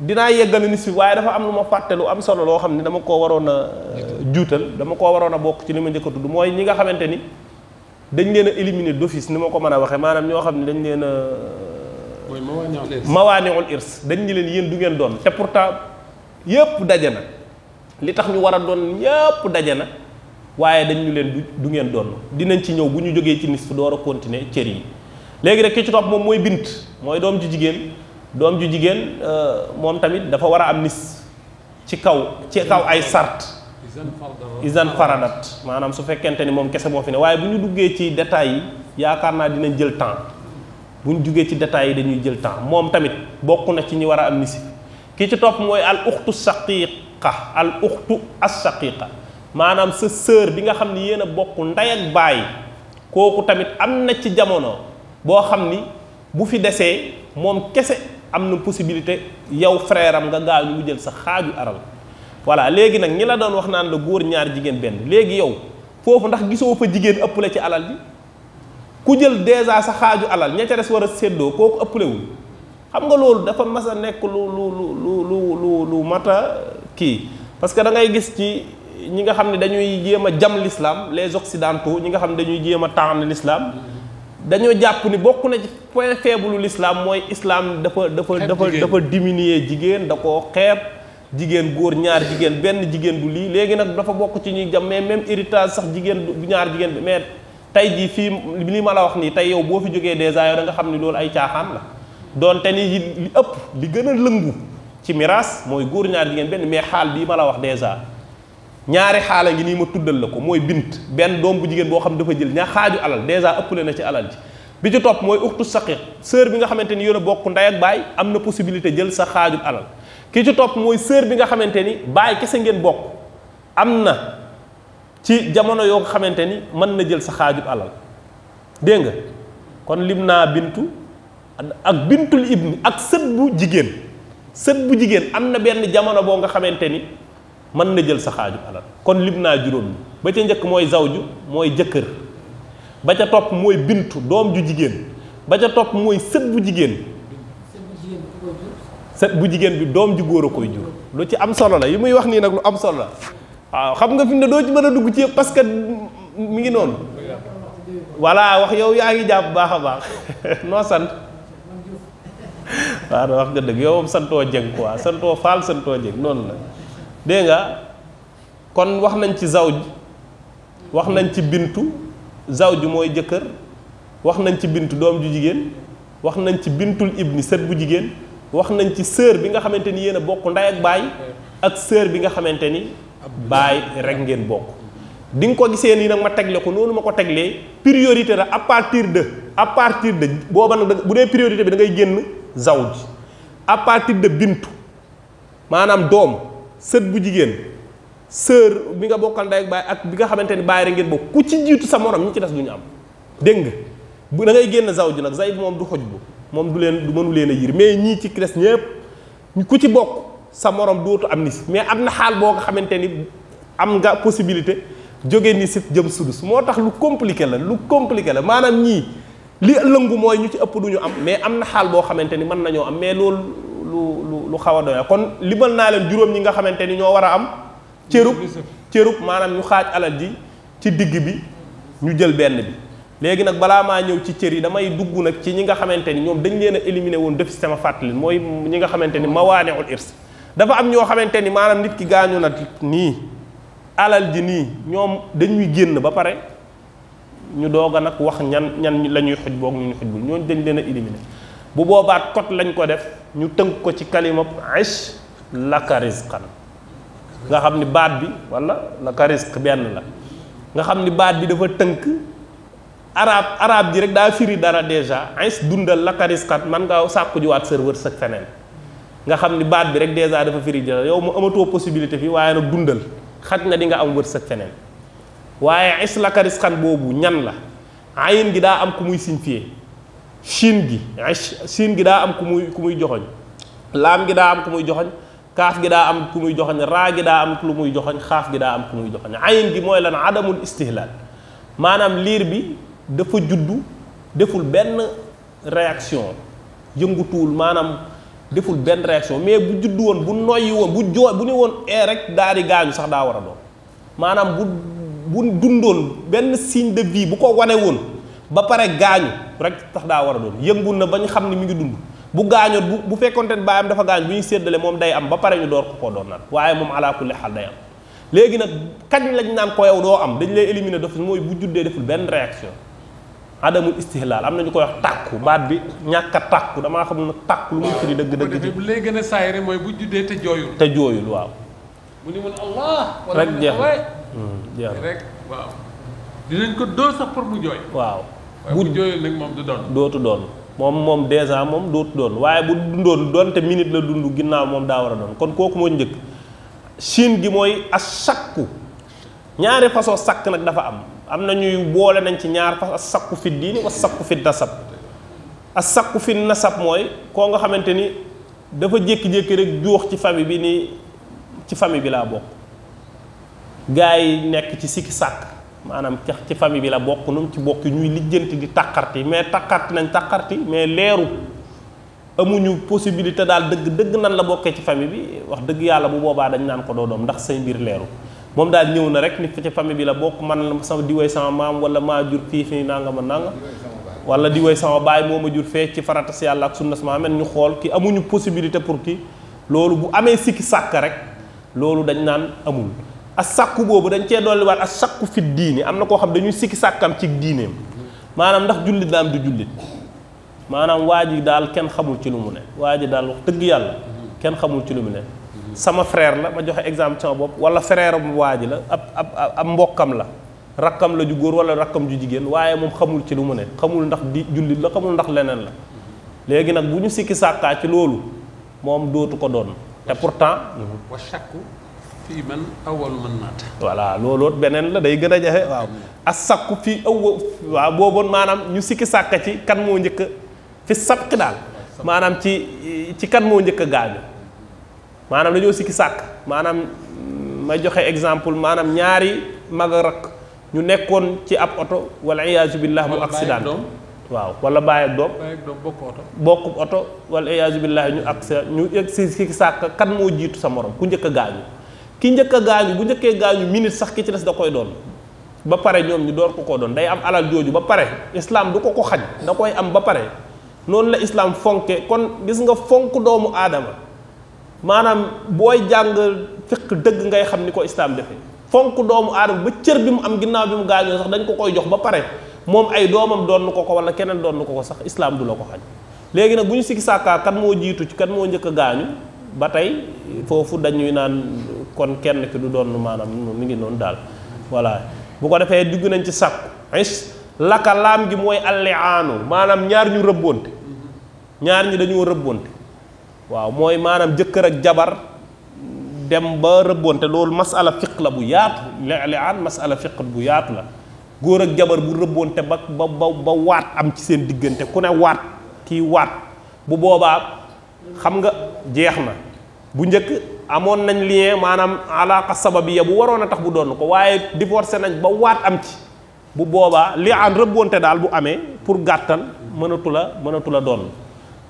dinaa yeggale nis bi waaye dafa am lu ma fàtte lu am solo loo xam ni dama koo waroon a euh, juutal dama koo waroon a bokk ci li ma njëkk a mooy ñi nga xamante ni dañ leen a éliminer d'office ni ma ko mën a waxee maanaam ñoo xam ne dañ leen a mawaaneul irs dañ ñi leen yéen du ngeen doon te pourtant yëpp daje na li tax ñu war a doon ñëpp daje na waaye dañ ñu leen du ngeen doon dinañ ci ñëw bu ñu jógee ci nis bi door a continuer cër yi léegi rek ki ci topp moom mooy bint mooy doom ji jigéen doom ju jigéen euh, moom tamit dafa war a am nis ci kaw ci kaw ay sart isan faradat maanaam su fekkente ni moom kese moo fi ne waaye bu ñu duggee ci détails yi yaakaar naa dinañ jël temps bu ñu duggee ci détails yi dañuy jël temps moom tamit bokk na ci ñi war a am nisi ki ci topp mooy al uxtu saqiqa al uxtu as saqiqa maanaam sa sœur bi nga xam ni yéen a bokk ndey ak baay kooku tamit am na ci jamono boo xam ni bu fi desee moom kese am na possibilité yow frère am nga gaaw ñu jël sa xaaju aral voilà léegi nag ñi la doon wax naan la góor ñaar jigéen benn léegi yow foofu ndax gisoo fa jigéen ëppale ci alal bi ku jël dèjà sa xaaju alal ña ca des war a séddoo kooku ëppalewul xam nga loolu dafa mas a nekk lu lu lu lu lu lu mata kii parce que da ngay gis ci ñi nga xam ne dañuy jéem a jam l'islam les occidentaux ñi nga xam ne dañuy jéem a tànn l'islam dañoo jàpp ni bokk na ci feebulu lislaam mooy islaam dafa dafa dafa dafa diminuer jigéen da koo xeeb jigéen góor ñaar jigéen benn jigéen du lii léegi nag dafa bokk ci ñuy jam mais même héritage sax jigéen du ñaar jigéen bi mais tey ji fii li ma la wax nii tey yow boo fi jógee dèjà yow da nga xam ni loolu ay caaxaan la doonte ni li ëpp li gën a lëngu ci miraas mooy góor ñaar jigéen benn mais xaal bii ma la wax dèjà ñaari xaala ngi nii ma tuddal la ko mooy bint benn doom bu jigéen boo xam dafa jël ña xaaju alal dèjà ëppale na ci alal ji bi ci topp mooy uxtu saqiq sœur bi nga xamante ni yéen a bokk ndey ak baay am na possibilité jël sa xaaju alal ki ci topp mooy sœur bi nga xamante ni baay kese ngeen bokk am na ci jamono yoo nga xamante ni mën na jël sa xaaju alal dégg nga kon lim naa bintu ak bintul ibni ak sët bu jigéen sët bu jigéen am na benn jamono boo nga xamante ni mën na jël sa xaaju alal kon lim naa juróom ba ca njëkk mooy zawju mooy jëkkër ba ca topp mooy bintu doom ju jigéen ba ca topp mooy sët bu jigéen sët bu jigéen bi doom ju góor a koy jur lu ci am solo la yi muy wax nii nag lu am solo la waaw xam nga fi doo ci mën a dugg ci parce que mi ngi noonu walla wax yow yaa ngi jàpp baax a baax noo sant waaw wax nga dëgg yow moom santoo ko quoi santoo faal santoo jëng noonu la dégg nga kon wax nañ ci zawj wax nañ ci bintu zawj mooy jëkkër wax nañ ci bintu doom ju jigéen wax nañ ci bintul ibni set bu jigéen wax nañ ci sœur bi nga xamante ni yéen a bokk ndey ak baay ak sœur bi nga xamante ni baay rek ngeen bokk di nga ko gisee nii nag ma tegle ko noonu ma ko teglee priorité ra à partir de à partir de booba nag bu dee priorité bi dangay génn zawj à partir de bintu maanaam doom sët bu jigéen sœur bi nga bokkal ndey ak baay ak bi nga xamante ni baay rek ngeen bokk ku ci jiitu sa morom ñi ci des du ñu am dégg nga bu da génn zaw ji nag zayd moom du xoj bu moom du leen du mënu leen a yir mais ñii ci des ñëpp ku ci bokk sa morom dootu am ni si mais am na xaal boo nga xamante ni am nga possibilité jóge ni sit jëm sudus moo tax lu compliqué la lu compliqué la maanaam ñii li lëngu mooy ñu ci ëpp duñu am mais am na xaal boo xamante ni mën nañoo am mais loolu lu lu lu xawa a kon libal na len juróom ñi nga xamanteni ni wara am cërub cërub manam ñu xaj alal ji ci digg bi ñu jël benn bi léegi nak bala ma ñew ci cër yi damay dugg nak ci ñi nga xamanteni ni dañ leena éliminer won def système fàttali moy ñi nga xamanteni ni irs dafa am ño xamanteni ni nit ki gañu na ni alal ji nii ñoom dañuy genn ba paré ñu doga nak wax ñan ñan lañuy ñu xuj dañ leena éliminer bu boba kot lañ ko def ñu teunk ko ci kalima ish lakarizqan nga xamni baat bi wala lakarizq ben la nga xamni baat bi dafa teunk arab arab di rek da firi dara deja ish dundal laka man nga sàkku wat serveur sak fenen nga xamni baat bi rek deja dafa firi jël yow mu amato possibilité fi waye nag dundal xat nga di nga am wërsëg fenen waye ish lakarizqan bobu ñan la ayin gi da am ku muy signifier shin gi shin gi daa am ku muy ku muy joxoñ laam gi daa am ku muy joxoñ kaaf gi daa am ku muy joxoñ raa gi daa am ku muy joxoñ xaaf gi daa am ku muy joxoñ ayin gi mooy lan adamul istihlaal maanaam liir bi dafa juddu deful benn réaction yëngutuwul maanaam deful benn réaction mais bu juddu woon bu noyyi woon bu jooy bu ne woon ee rek daal di gaañu sax daa war a doon maanaam bu bu dundoon benn signe de vie bu ko wane woon ba pare gaañu rek tax daa war a doon yëngu na ba ñu xam ne mu ngi dund bu gaañoon bu bu fekkonte ne baayam dafa gaañ bu ñu séddale moom day am ba pare ñu door ko doon naan waaye moom alaa kulli xaal day am léegi nag kañ lañ naan ko yow doo am dañ lay éliminer dafa mooy bu juddee deful benn réaction adamul istihlaal am na ñu koy wax tàkku baat bi ñàkk a tàkku damaa xam ne tàkku lu muy firi dëgg dëgg gën a mooy bu juddee te jooyul te jooyul waaw mu ni mun allah rek jeex hmm, rek waaw dinañ ko dóor sax pour mu jooy waaw bu jooyul nag moom doon dootu doon moom moom dèjà moom dootu doon waaye bu dundoon doonte minute la dund ginnaaw moom daa war a doon kon kooku moo njëkk Chine gi mooy a sakku ñaari façon sakk nag dafa am am na ñuy boole nañ ci ñaar fas a sakku fi diini wa sakku fi nasab a sakku fi nasab mooy koo nga xamante ni dafa jékki-jékki rek juux ci famille bi ni ci famille bi laa bokk gars yi nekk ci sikki sàkk maanaam ci famille bi la bokk nu ci bokk ñuy lijjanti di taqarti mais taqarti nañ taqarti mais leeru amuñu possibilité daal dëgg dëgg nan la bokkee ci famille bi wax dëgg yàlla bu boobaa dañ naan ko doo doom ndax say mbir leeru moom daal ñëw na rek nit ci famille bi la bokk man la sama diwee sama maam wala maa jur fii fii nanga ma nanga wala diwee sama baay moo ma jur fee ci farata si yàlla ak sunna si Muhammad ñu xool ki amuñu possibilité pour ki loolu bu amee sikki sàkk rek loolu dañ naan amul ak sàkku boobu dañ cee dolliwaat ak sàkku fit diini am na koo xam dañuy sikki sàkkam ci diineem maanaam ndax jullit la am du jullit maanaam waa ji daal kenn xamul ci lu mu ne waa ji daal wax yàlla kenn xamul ci lu mu ne sama frère la ma joxe exemple sama bopp wala frère mu waa ji la ab ab mbokkam la rakkam la ju góor wala rakkam ju jigéen waaye moom xamul ci lu mu ne xamul ndax di jullit la xamul ndax leneen la léegi nag bu ñu sikki sàkkaa ci loolu moom dootu ko doon te pourtant wa shakku fii man awalu man voilà looloot beneen la day gën a jafe waaw sakku fii aw waaw booboon maanaam ñu sikki sàkka ci kan moo njëkk fi sabqi daal maanaam ci ci kan moo njëkk a gaañu maanaam dañoo sikki sàkk maanaam mm, may joxe exemple maanaam ñaari mag a rakk ñu ci ab oto wala iyaazu billah mu accident waaw wala bàyyi ak doom oto bokk oto wala iyaazu ñu accident ñu egg si sikki kan moo jiitu sa morom ku njëkk a gaañu ki njëkk a gaañu bu njëkkee gaañu minute sax ki ci des da koy doon ba pare ñoom ñu door ko koo doon day am alal jooju ba pare islam du ko ko xaj da koy am ba pare noonu la islam fonke kon gis nga fonk doomu aadama maanaam booy jàng fiq dëgg ngay xam ni ko islam defee fonk doomu aadama ba cër bi mu am ginnaaw bi mu gaañoo sax dañ ko koy jox ba pare moom ay doomam doon nu ko ko wala keneen doon nu ko ko sax islam du la ko xaj léegi nag bu ñu sikki sàkkaa kan moo jiitu ci kan moo njëkk a ba tey foofu dañuy naan kon kenn ki du doon maanaam mi ngi noonu daal voilà bu ko defee dugg nañ ci sàkku is laka laam gi mooy alli maanaam ñaar ñu rëbbonte ñaar ñi dañoo rëbbonte waaw mooy maanaam jëkkër ak jabar dem ba rëbbonte loolu masala fiq la bu yaatu li aan masala fiq bu yaatu la góor ak jabar bu rëbbonte ba ba ba waat am ci seen diggante ku ne waat kii waat bu boobaa xam nga jeex na bu njëkk Amon nañ lien manam alaqa sababiyya bu warona tax bu don ko waye divorcé nañ ba wat am ci bu boba li an rebonté dal bu amé pour gattal meunatula meunatula don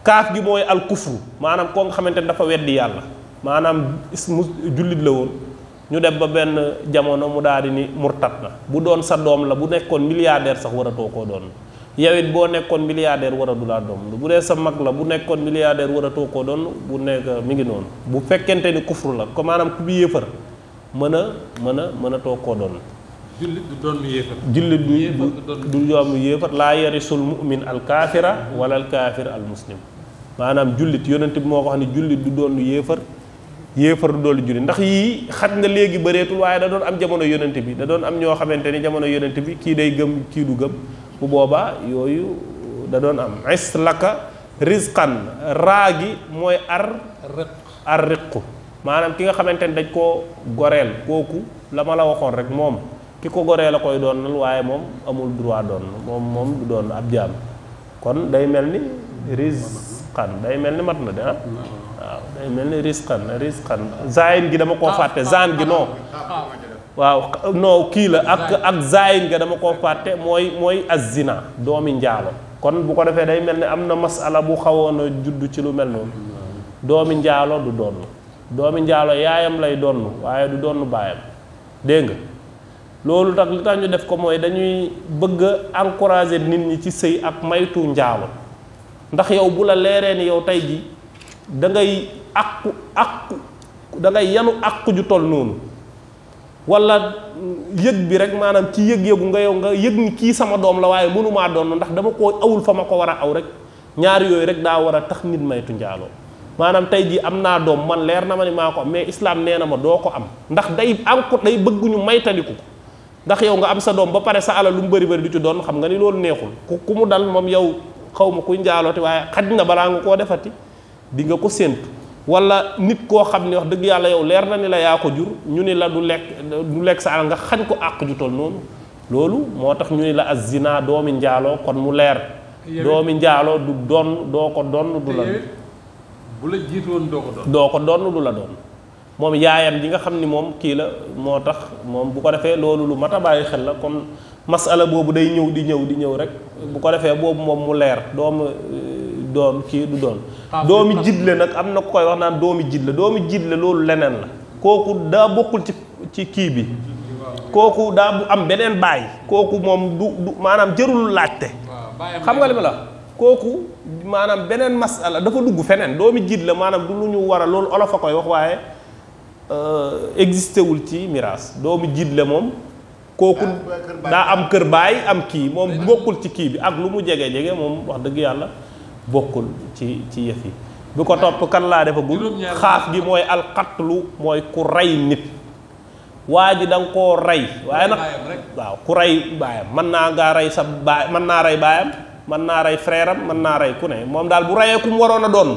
kaaf gi moy al kufru manam ko nga xamantene dafa weddi yalla manam ismu julit la won ñu dem ba ben jamono mu daal ni murtad na bu don sa dom la bu nekkoon milliardaire sax ko don yow boo nekkoon milliardaire war a du laa doon bu dee sa mag la bu nekkoon milliardaire war a too koo doon bu nekk euh, mi ngi noonu bu fekkente ni kufru la ko maanaam ku bi yéefar mën a mën a mën a too koo doon jullit du doon yéefar jullit du du yomb yéefar al kaafira wala al kaafir al maanaam jullit yonent moo ko ne jullit du doon yéefar yéefar du doon jullit ndax yii xat na léegi bëreetul waaye da doon am jamono yonent bi da doon am ñoo xamante ni jamono yonent bi kii day gëm kii du gëm bu yo yoyu da don am islaka rizqan ragi ragi, ar riq ar riq manam ki nga xamantene daj ko gorel koku kooku la ma la rek mom ki ko la koy lu waye mom amul droit don, mom mom du don, ab kon day melni ni day melni ni mat de waaw day melni ni rizqan zain gi dama ko fatte zain gi non waaw noow kii la ak ak zayin nga dama koo fàtte mooy mooy azina doomi njaalo kon bu ko defee day mel ni am na masala bu xawoon juddu ci lu mel noonu doomi njaalo du donn doomi njaalo yaayam lay donn waaye du donn baayam dégg nga loolu tax li tax ñu def ko mooy dañuy bëgg a encourager nit ñi ci sëy ak maytu njaalo ndax yow bu la leeree ni yow tey ji da ngay àqu àqu da ngay àqu ju toll noonu wala yëg bi rek maanaam ci yëg-yëgu nga yow nga yëg ni kii sama doom la waaye mënumaa doon ndax dama koo awul fa ma ko war a aw rek ñaari yooyu rek daa war a tax nit maytu njaaloo maanaam tey jii am naa doom man leer na ma ni maa ko am mais islaam nee na ma doo ko am ndax day encore day bëgguñu maytaliku ko ndax yow nga am sa doom ba pare sa alal lu mu bëri bari du ci doon xam nga ni loolu neexul ku ku mu dal moom yow xaw ma kuy njaalooti waaye xaj na balaa nga koo defati di nga ko séentu wala nit ko xamni wax deug yalla yow leer na ni la ya ko jur ñu ni la du lek du lek sa nga xañ ko ak ju tol non loolu motax ñu ni la azina doomi kon mu leer doomi njaaloo du don doo ko don du la bu la jiitoon doo ko don doo ko don du la don mom yaayam gi nga xamni mom ki la motax mom bu ko defé loolu lu mata baye xel la kon masala bobu day ñew di ñew di ñew rek bu ko defé bobu mom mu leer doon kii du doon doomi jidle nag am na ku koy wax naan doomi jidle doomi jidle loolu leneen la kooku daa bokkul ci ci kii bi kooku daa bu am beneen baay kooku moom du du maanaam jërul laajte xam nga li la kooku maanaam beneen masala dafa dugg feneen doomi jiit la maanaam du lu ñu war a loolu olof a koy wax waaye euh, existé wul ci miraas doomi jiit la moom kooku daa am kër baay am kii moom bokkul ci kii bi ak lu mu jege jege moom wax dëgg yàlla bokul ci ci yef yi bu ko top kan laa defagul khaf gi al alqatlu moy ku ray nit waji dang ko ray waye nak waaye waaw ku ray baayam man na nga ray sa baay man na ray man na ray frère man na ray ku ne mom dal bu raye ku warona don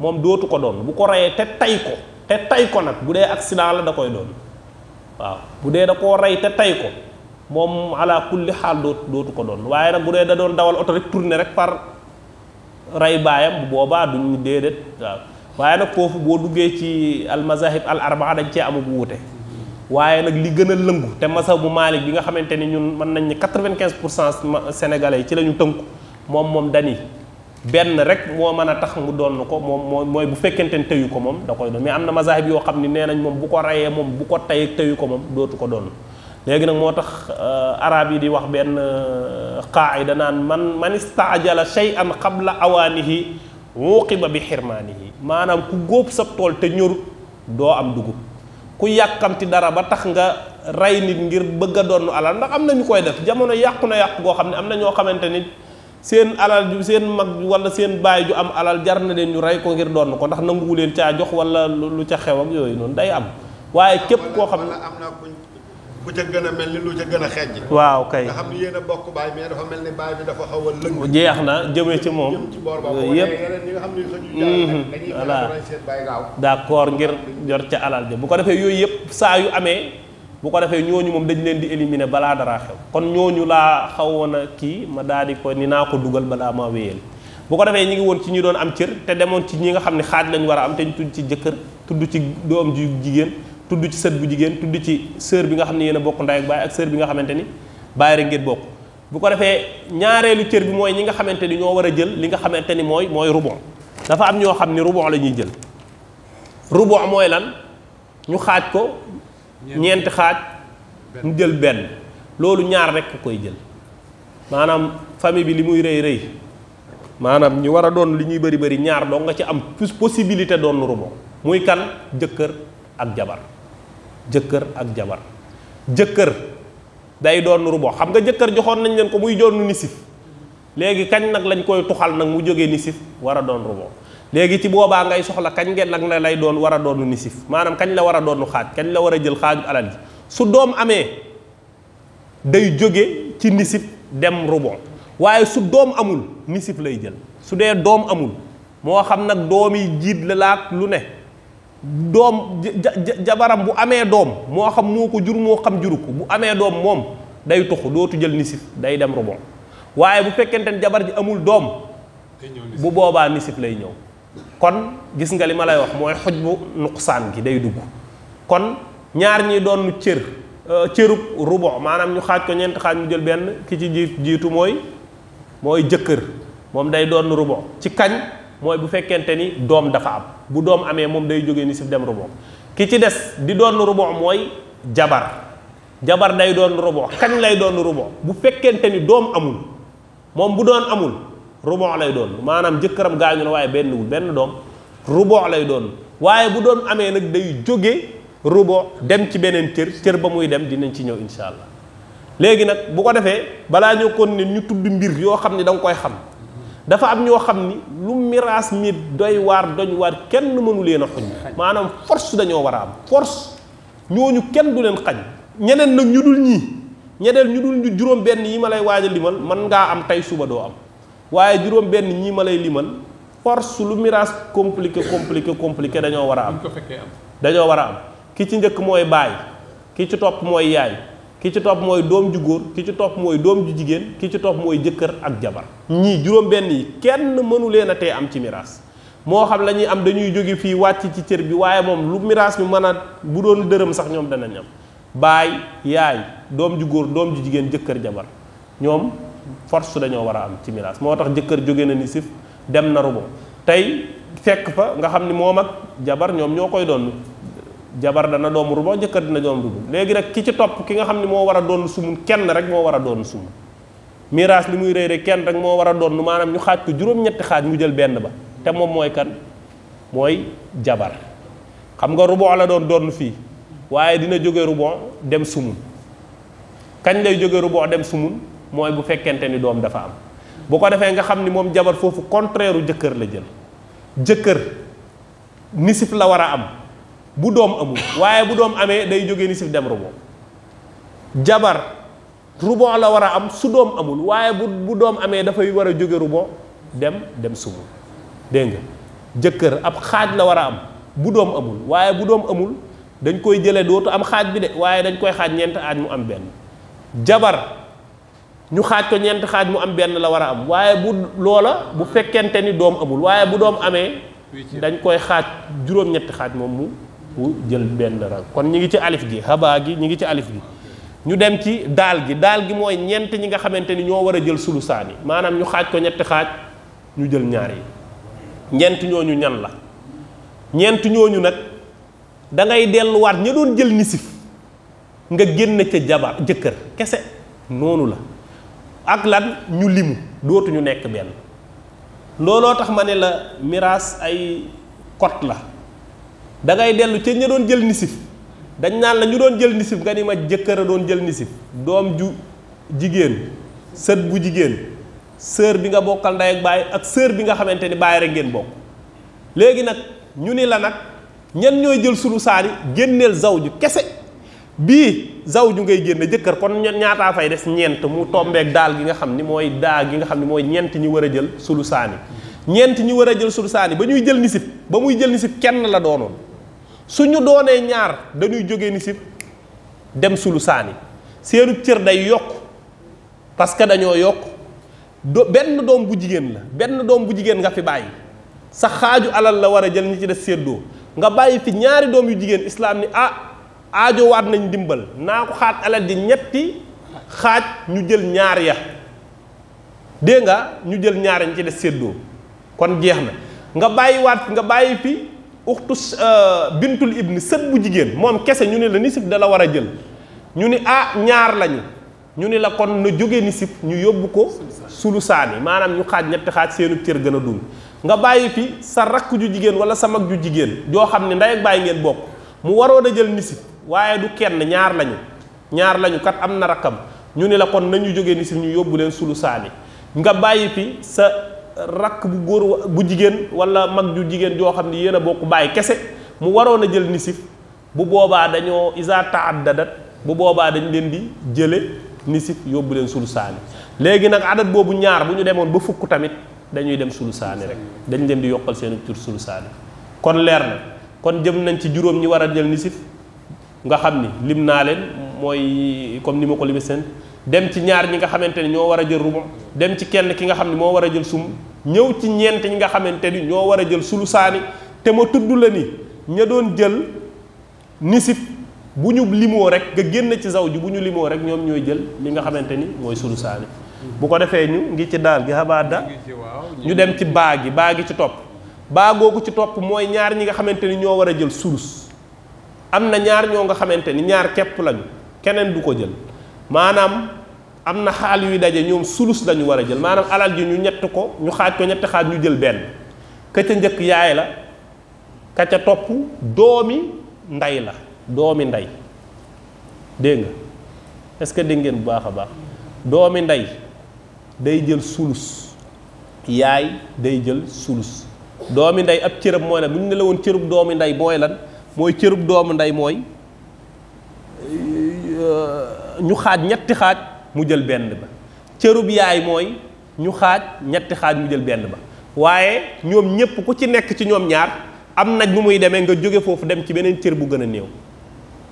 mom hmm. dotu ko tetai bu ko raye te tay ko te tay ko nak budé accident la da koy don. waaw bu da te tay ko Mom ala kulli hal dotu ko don waye nak budé da don dawal auto rek tourner rek par rey baayam bu boobaa duñu déedéet waaw waaye nag foofu boo duggee ci al mazahib al arbaa dañ cee amug wute waaye nag li gën a lëngu te mazhab bu Malik bi nga xamante ni ñun mën nañ ni quatre-vingt-quinze pour cent sénégalais yi ci la ñu tënku moom moom dani benn rek moo mën a tax mu doon ko moom moo mooy bu fekkente ne tëyu ko moom da koy doon mais am na mazahib yoo xam ne nee nañ moom bu ko rayee moom bu ko tey tëyu ko moom dootu ko doon léegi nag moo tax euh, arab yi di wax benn euh, qaayida naan man man istaajala shay'an qabla awaanihi ba bi xirmaanihi maanaam ku góob sa tool te ñorut doo am dugub ku yàkkamti dara ba tax nga rey nit ngir bëgg a doon alal ndax am na ñu koy def jamono yàqu na yàqu goo xam ne am na ñoo xamante ni seen alal ju seen mag wala seen baay ju am alal jar na leen ñu rey ko ngir doon ko ndax nanguwu leen caa jox wala lu ca xew ak yooyu noonu day am waaye ku ca gën a mel ni lu ca gën a xeej waaw kay nga xam ni yéen a bokk baay mais dafa mel ni baay bi dafa xaw jeex na jëme ci moom yëpp mhm, voilà d'accord ngir jot ca alal ja bu ko defee yooyu yëpp saa yu amee bu ko defee ñu moom dañ leen di éliminer balaa dara xew kon ñooñu laa xawoon a kii ma daal di ko ni naa ko dugal balaa ma wéyal bu ko defee ñu ngi woon ci ñu doon am cër te demoon ci ñi nga xam ne xaaj lañ war a am te ñu tudd ci jëkkër tudd ci doom ju jigéen tuddu ci seut bu jigen tuddu ci sœur bi nga xamni yena bokk nday ak bay ak sœur bi nga xamanteni ni rek ngeen bokk bu ko defé ñaarelu cër bi moy ñi nga xamanteni ño wara jël li nga xamanteni moy moy dafa am ño xamni rubon la jël rubon moy lan ñu xaj ko ñent xaj ñu jël ben lolu ñaar rek koy jël manam fami bi limuy reey reey manam ñu wara doon li ñuy bari bari ñaar do nga ci am plus possibilité doon rubon muy kan jëkkeur ak jabar jëkkër ak jabar jëkkër day doon rubo xam nga jëkkër joxoon nañ leen ko muy doon nisif léegi kañ nag lañ koy tuxal nag mu jóge nisif war a doon rubo léegi ci boobaa ngay soxla kañ ngeen nag lay doon war a doon nisif maanaam kañ la war a doon xaaj kañ la war a jël xaaju alal ji su doom amee day jóge ci nisif dem rubo waaye su doom amul nisif lay jël su dee doom amul moo xam nag doomi jiit la laak lu ne doom jabaram bu amee doom moo xam moo ko jur moo xam juru ko bu amee doom moom day tuxu dootu jël nisif day dem rebon waaye bu fekkente ne jabar ji amul doom bu boobaa nisif lay ñëw kon gis nga li ma lay wax mooy xoj bu saan gi day dugg kon ñaar ñi doon cër euh, cërub rebon maanaam ñu xaaj ko ñeenti xaaj ñu jël benn ki ci jiitu mooy mooy jëkkër moom day doon rebon ci kañ mooy bu fekkente ni doom dafa am bu doom amee moom day jógee nisif dem rubu ki ci des di doon rubu mooy jabar jabar day doon rubu kañ lay doon rubu bu fekkente ni doom amul moom bu doon amul rubu lay doon maanaam jëkkëram gaañu na waaye benn wul benn doom rubu lay doon waaye bu doon amee nag day jóge rubu dem ci beneen cër cër ba muy dem dinañ ci ñëw insha allah léegi nag bu ko defee balaa ñoo kon ne ñu tudd mbir yoo xam ne da nga koy xam dafa am ñoo xam ni lu mirage nit doy waar doñ waar kenn mënu leen a xuñ maanaam force dañoo war a am force ñooñu kenn du leen xañ ñeneen nag ñu dul ñii ñeneen ñu dul ñu juróom benn yi ma lay waaj limal man ngaa am tey suba doo am waaye juróom benn ñii ma lay limal force lu mirage compliqué compliqué compliqué dañoo war a am dañoo war a am ki ci njëkk mooy baay ki ci topp mooy yaay ki ci top moy dom ju gor ki ci top moy dom ju jigen ki ci top moy jeuker ak jabar ñi juroom ben yi kenn mënu leena té am ci mirage mo xam lañuy am dañuy joggi fi wacc ci cër bi waye mom lu miras mi mëna bu doon deureum sax ñom dana am bay yaay dom ju gor dom ju jigen jeuker jabar ñom force dañu wara am ci mirage motax jeuker jëkkër na ni sif dem na rubo tay fekk fa nga xamni ni ak jabar ñom ñokoy doon jabar dana doom rubo jëkkër dina doom rubo léegi nag ki ci topp ki nga xam ne moo war a sumun kenn rek moo war a doon sumun Mira li muy rek kenn rek moo war a doon maanaam ñu xaaj ko juróom-ñetti xaaj mu jël benn ba te moom mooy kan mooy jabar xam nga rubo la doon doon fii waaye dina jóge rubo dem sumun kañ lay jóge rubo dem sumun mooy bu fekkente ni doom dafa am bu ko defee nga xam ni moom jabar foofu contraire jëkkër la jël jëkkër nisif la war am bu dom amul waye bu dom amé day jógee ni sif dem rubo jabar rubo la wara am su dom amul waye bu bu dom amé da fay wara rubo dem dem sumu deng jeuker ap ab xaj la wara am bu dom amul waye bu dom amul dañ koy jëlé dootu am xaj bi dé waye dañ koy xaj ñent aaj mu am ben jabar ñu xaj ko ñent xaj mu am ben la wara am waye bu lola bu fekente ni dom amul waye bu dom amé dañ koy xaj juroom ñett xaj mom mu ku jël ben rang kon ñi ngi ci alif gi haba gi ñi ngi ci alif gi ñu dem ci dal gi dal gi moy ñent ñi nga xamanteni ño wara jël sulusani manam ñu xaj ko ñett xaj ñu jël ñaar yi ñent ñoñu ñan la ñent ñoñu nak da ngay wat ñu doon jël nisif nga genn ci jabar jëkër kessé nonu la ak lan ñu limu ñu nekk ben lolo tax mané la mirage ay kot la da ngay dellu ca ña doon jël nisif dañ naan la ñu doon jël nisif nga ni ma jëkkër a doon jël nisif doom ju jigéen sët bu jigéen sër bi nga bokkal ndey ak baay ak sœur bi nga xamante ni baay rek ngeen bokk léegi nag ñu ni la nag ñan ñooy jël sunu saari génneel zawju kese bii zawju ngay génne jëkkër kon ñaataa fay des ñeent mu tombeek daal gi nga xam ni mooy daal gi nga xam ni mooy ñeent ñi war a jël sulu saani ñeent ñi war a jël sulu saani ba ñuy jël nisib ba muy jël nisib kenn la doonoon suñu doone ñaar dañuy jógee ni sib dem sulu sani seenu cër day yok parce que dañoo yok do benn doom bu jigen la benn doom bu jigen nga fi bayyi sa xaju alal la wara jël ñi ci def seddo nga bayyi fi ñaari doom yu jigen islam ni a ah, aajo waat nañ dimbal naa ko xaat alal di ñetti xaaj ñu jël ñaar ya dégg nga ñu jël ñaar ya ñi ci def seddo kon jeex na nga bayyi waat nga bayyi fi uxtu euh, bintul ibni sët bu jigen mom kese ñu ne la nisif da la wara jël ñu ni ah ñaar lañu ñu ni la kon na joge nisif ñu yobbu ko sulu sani maanaam ñu xaj ñet xaj seenu cër gëna a nga bayyi fi sa rakku ju jigen wala sa mag ju jigen joo xamni nday ak bayyi ngeen bok mu waro da jël nisif waye du kenn ñaar lañu ñaar lañu kat am rakam ñu ni la kon nañu joge nisif ñu yobbu len sulu sani nga bayyi fi sa rak bu góor bu jigen wala mag ju jigen jo xamni yena bokku bay kesse kese mu waro na jël nisif bu boba dañu iza taaddadat bu boba dañ len di jëlé nisif yobul len sulu saani léegi adat bobu ñaar buñu demon ba fukku tamit dañuy dem sulu rek dañ len di yokal seen tur sulu saani kon leer na kon jëm nañ ci juroom ñi wara jël nisif nga xamni lim na len moy comme ni ko limi sen dem ci ñaar ñi nga xamanteni ni wara jël rubu dem ci kenn ki nga xamni ni wara jël sum ñëw ci ñeent ñi nga xamante ni ñoo war a jël sulusaani te ma tudd la ni ña doon jël nisib bu ñu limoo rek nga génn ci zaw ji bu ñu limoo rek ñoom ñooy jël li nga xamante ni mooy sulusaani bu ko defee ñu ngi ci daal gi xabaada ñu dem ci baa gi baa gi ci topp baa googu ci topp mooy ñaar ñi nga xamante ni ñoo war a jël sulus am na ñaar ñoo nga xamante ni ñaar kepp lañu keneen du ko jël maanaam amna na xaal yuy daje ñoom sulus lañu wara jël manam alal ji ñu ñett ko ñu xaaj ko ñett xaaj ñu jël ben ka ca njëkk yaay la ka ca top doomi nday la doomi nday dégg nga est ce que dégg ngeen bu baaxa baax doomi nday day jël sulus yaay day jël sulus doomi nday ab cërëb moy ne bu ñu ne la woon cërub doomi nday boy lan moy cërub doomi nday moy ñu xaaj ñetti xaaj mu jël benn ba cërub yaay mooy ñu xaaj ñetti xaaj mu jël benn ba waaye ñoom ñépp ku ci nekk ci ñoom ñaar am nag nu muy demee nga jóge foofu dem ci beneen cër bu gën a néew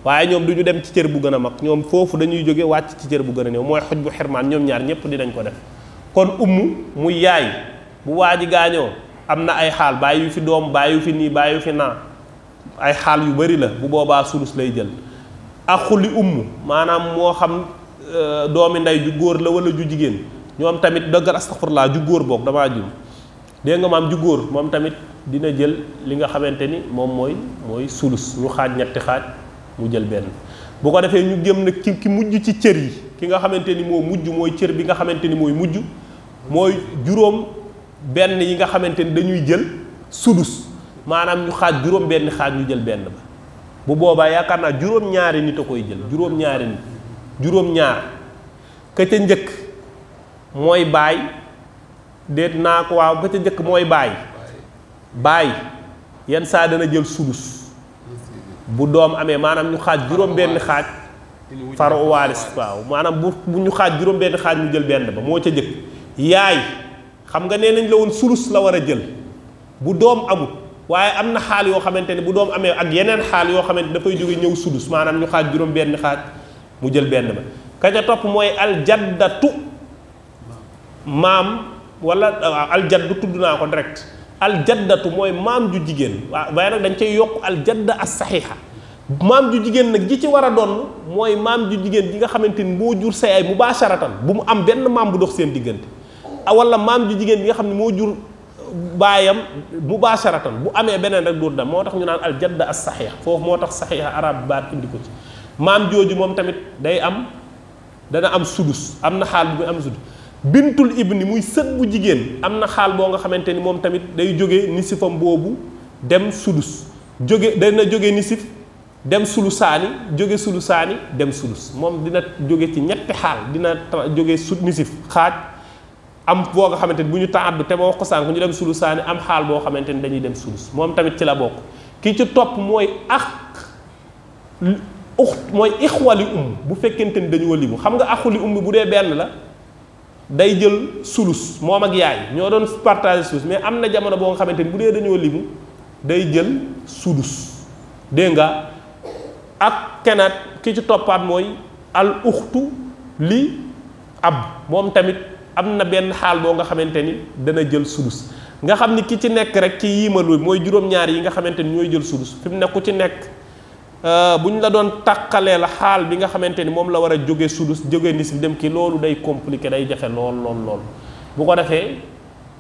waaye ñoom du ñu dem ci cër bu gën a mag ñoom foofu dañuy jóge wàcc ci cër bu gën a néew mooy xoj bu xirmaan ñoom ñaar ñépp dinañ ko def kon ummu muy yaay bu waa ji gaañoo am na ay xaal baay yu fi doom bàyyi yu fi nii bàyyi yu fi naa ay xaal yu bari la bu boobaa sulus lay jël ak xuli Euh, doomi nday ju goor la wala ju jigen ñom tamit deugar astaghfirullah ju goor bok dama jum de nga maam ju goor mom tamit dina jël li nga xamanteni mom moy moy sulus ñu xaj ñett xaj mu jël ben bu ko defé ñu gem nak ki ki mujju ci cër yi ki nga xamanteni mo mujju moy cër bi nga xamanteni moy mujju moy mooy ben yi nga xamanteni dañuy jël sulus manam ñu xaj ben xaj ñu jël ben ba bu boba yaakaar naa ñaari nit a koy jël juróom ñaari nit juróom-ñaar ka ca njëkk mooy baay déet naa ko waaw ka ca njëkk mooy baay baay yan saa dana jël sulus bu doom amee maanaam ñu xaaj juróom-benn xaaj faru waalis waaw maanaam bu bu ñu xaaj juróom-benn xaaj mu jël benn ba moo ca njëkk yaay xam nga nee nañ la woon sulus la war a jël bu doom amut waaye am na xaal yoo xamante ne bu doom amee ak yeneen xaal yoo xamante dafay jóge ñëw sulus maanaam ñu xaaj juróom-benn xaaj mu jël benn ba ka ca topp mooy aljaddatu maam wala ah, aljaddu tudd naa ko direct aljaddatu mooy maam ju jigéen waaw waaye nag dañ cay yokk aljadda as saxiixa maam ju jigéen nag ji ci war a donn mooy maam ju jigéen ji nga xamante ni moo jur say ay mubaasharatan bu mu am benn maam bu dox seen ah, maam ju jigéen bi nga xam ne moo jur baayam mubaasharatan bu amee beneen rek duur dam moo tax ñu naan aljadda as saxiixa foofu moo tax saxiixa arab baat indi ko ci maam jooju moom tamit day am dana am sudus am na xaal bu muy am sudus bintul ibni muy sët bu jigéen am na xaal boo nga xamante ni moom tamit day jóge nisifam boobu dem sudus jóge dana jóge nisif dem sulu saani jóge sulu saani dem sulus moom dina jóge ci ñetti xaal dina jóge sut nisif xaaj am boo xamante ni bu ñu taaddu te ma ko sànq ñu dem sulu saani am xaal boo xamante ni dañuy dem sulus moom tamit ci la bokk ki ci topp mooy ak uxt mooy ixwali um bu fekkente ni dañu walimu xam nga axuli um bi bu dee benn la day jël sulus moom ak yaay ñoo doon partage sulus mais am na jamono boo nga xamante ni bu dee dañoo limu day jël sudus dégg nga ak kenaat ki ci toppaat mooy al uxtu li ab moom tamit am na benn xaal boo nga xamante ni dana jël sudus nga xam ni ki ci nekk rek ci yiimalu mooy juróom ñaari yi nga xamante ni ñooy jël sudus fi mu ne ku ci nekk Euh, bu ñu la doon la xaal bi nga xamante ni moom la war a jóge sudus jóge nisim dem ki loolu day compliqué day jafe lool lool lool bu ko defee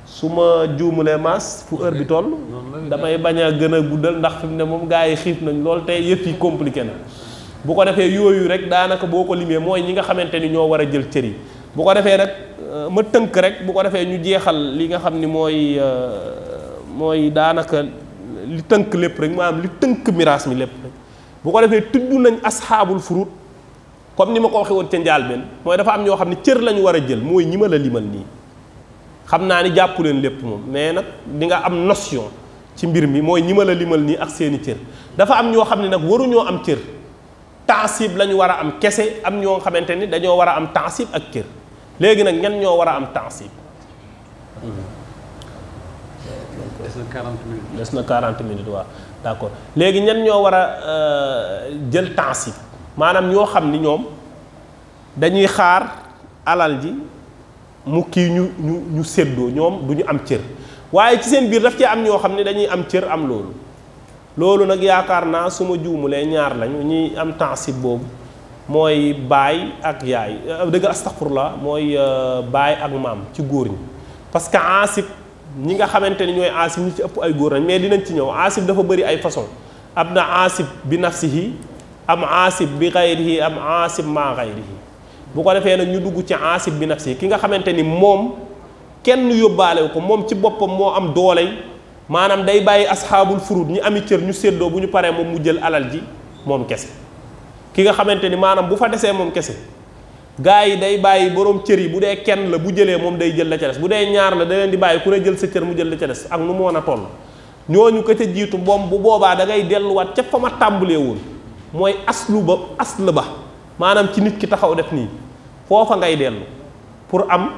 su ma juumulee maas fu heure bi toll damay bañ a gën a guddal ndax fi ne moom gars yi xiif nañ lool te yëpp yi compliqué na bu ko defee yooyu rek daanaka boo ko limee mooy ñi nga xamante ni ñoo war a jël cër yi bu ko defee nag euh, ma tënk rek bu ko defee ñu jeexal li nga xam ni mooy euh, mooy daanaka li tënk lépp rek maanaam li tënk miraas mi lépp bu ko defee tudd nañ ashabul furud comme ni ma waxé won woon ndial ben moy dafa am ño xamni cër lañu wara jël moy ñima la limal ni xamna ni jàppu len lépp mom mais nak di nga am notion ci mbir mi moy ñima la limal ni ak seeni cër dafa am ño xamni nak waru ño am cër tansib lañu wara am kessé am ño xamanteni dañu wara am tansib ak cër légui nak ñan ño wara am tansib des na 40 minutes des na 40 minutes d'accord léegi ñan ñoo war a euh, jël temps yi maanaam ñoo xam ni ñoom dañuy xaar alal ji mu kii ñu ñu ñu séddoo ñoom du ñu am cër waaye ci seen biir daf ci am ñoo xam ne dañuy am cër am loolu loolu nag yaakaar naa su ma juumulee ñaar lañu ñuy am tansib boobu mooy baay ak yaay euh, dëgg la mooy euh, baay ak maam ci góor ñi parce que ñi nga xamante ni ñooy aasib ñi ci ëpp ay góor nañ mais dinañ ci ñëw aasib dafa bëri ay façon am na aasib bi nafsihi am aasib bi xayrihi am aasib ma xayrihi bu ko defee nag ñu dugg ci aasib bi nafsihi ki nga xamante ni moom kenn yóbbaale ko moom ci boppam moo am dooley maanaam day bàyyi asxaabul furud ñi ami cër ñu séddoo bu ñu paree moom mu jël alal ji moom kese ki nga xamante ni maanaam bu fa desee moom kese gaa yi day bàyyi borom cër yi bu dee kenn la bu jëlee moom day jël la ca des bu dee ñaar la da leen di bàyyi ku ne jël sa cër mu jël la ca des ak nu mu mën a ñoo ñu ko ca jiitu boom bu boobaa da delluwaat ca fa ma tàmbalee woon mooy aslu ba asl ba maanaam ci nit ki taxaw def nii foofa ngay dellu pour am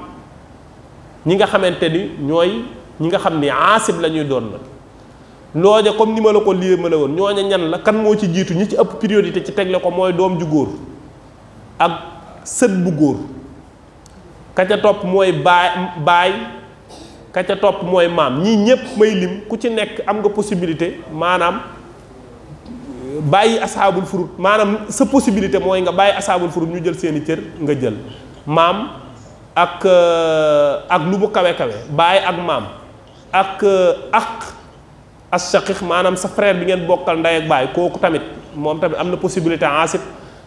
ñi nga xamante ni ñooy ñi nga xam ni aasib la ñuy doon la looja comme ni ma la ko lii ma la woon ñooña ñan la kan moo ci jiitu ñi ci ëpp priorité ci tegle ko mooy doom ju góor sët bu goor ka ca top moy bay bay ka ca top moy mam ñi ñepp may lim ku ci nekk am nga possibilité manam bayyi ashabul furud manam sa possibilité moy nga bayyi ashabul furut ñu jël seen cër nga jël mam ak euh, ak lu bu kawe kawe bay ak mam ak euh, ak ashaqiq manam sa frère bi ngeen bokal nday ak bay koku tamit mom tamit am possibilité ansib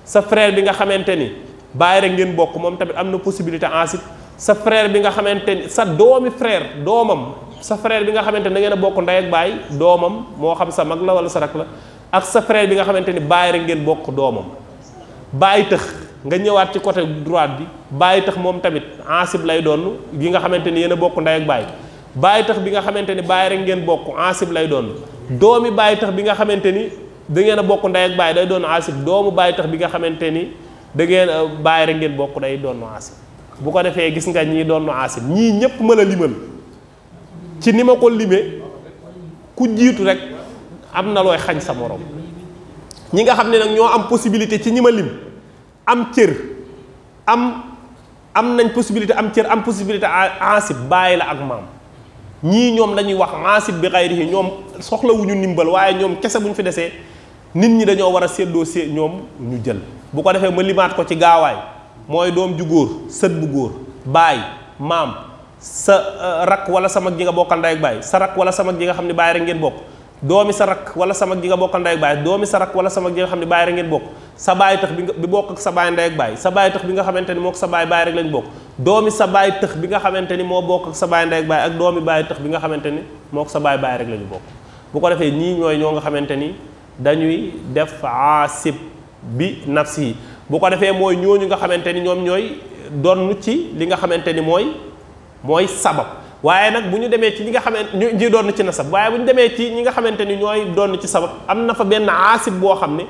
sa frère bi nga xamanteni bàyyi rek ngeen bok mom tamit am na possibilité ensuite sa frère bi nga xamante sa domi frère domam sa frère bi nga xamante da ngeen bok nday ak baay domam mo xam sa mag la wala sa rak la ak sa frère bi nga xamante ni rek ngeen bok domam bàyyi tax nga ñëwaat ci côté droite bi bàyyi tax mom tamit ansib lay doon gi nga xamante yeena bok nday ak baay bàyyi tax bi nga xamante ni rek ngeen bokk ansib lay doon domi tax bi nga da ngeen a nday ak baay day doon ansib domu bàyyi tax bi nga da ngeen uh, bàyyi rek ngeen bokk day doon aasim bu ko defee gis nga ñii doon aasim ñii ñëpp mën a limal ci ni ma ko limee ku jiitu rek am na looy xañ sa morom ñi nga xam ne nag ñoo am possibilité ci ñi ma lim am cër am am nañ possibilité am cër am possibilité aasib bàyyi la ak maam ñii ñoom lañuy wax aasib bi yi ñoom soxlawuñu ndimbal waaye ñoom kese bu ñu fi desee nit ñi dañoo war a séddoo sé ñoom ñu jël bu ko defé ma limat ko ci gaway moy doom ju góor seut bu góor bay mam sa euh, rak wala sama gi nga bokkal ak bay sa rak wala sama gi nga xamni bay baay rek ngeen bok domi sa rak wala sama gi nga bokkal ndey ak bay domi sa rak wala sama gi nga xamni bay baay rek ngeen bok sa bay tax bi bok ak sa bay nday ak bay sa bay tax bi nga xamanteni mok sa bay bay rek lañ bok domi sa bay tax bi nga xamanteni mo bok ak sa bay nday ak bay ak domi bay tax bi nga xamanteni mok sa bay bay rek lañu bok bu ko defé ni ñoy ñoo nga xamanteni dañuy def asib bi nafsi boo ko defee mooy ñooñu nga xamante ni ñoom ñooy donn ci li nga xamante ni mooy mooy sabab waaye nag bu ñu demee ci ñi nga xamante ñu ñi doon ci nasab waaye bu ñu demee ci ñi nga xamante ni ñooy doon ci sabab am na fa benn aasib boo xam ne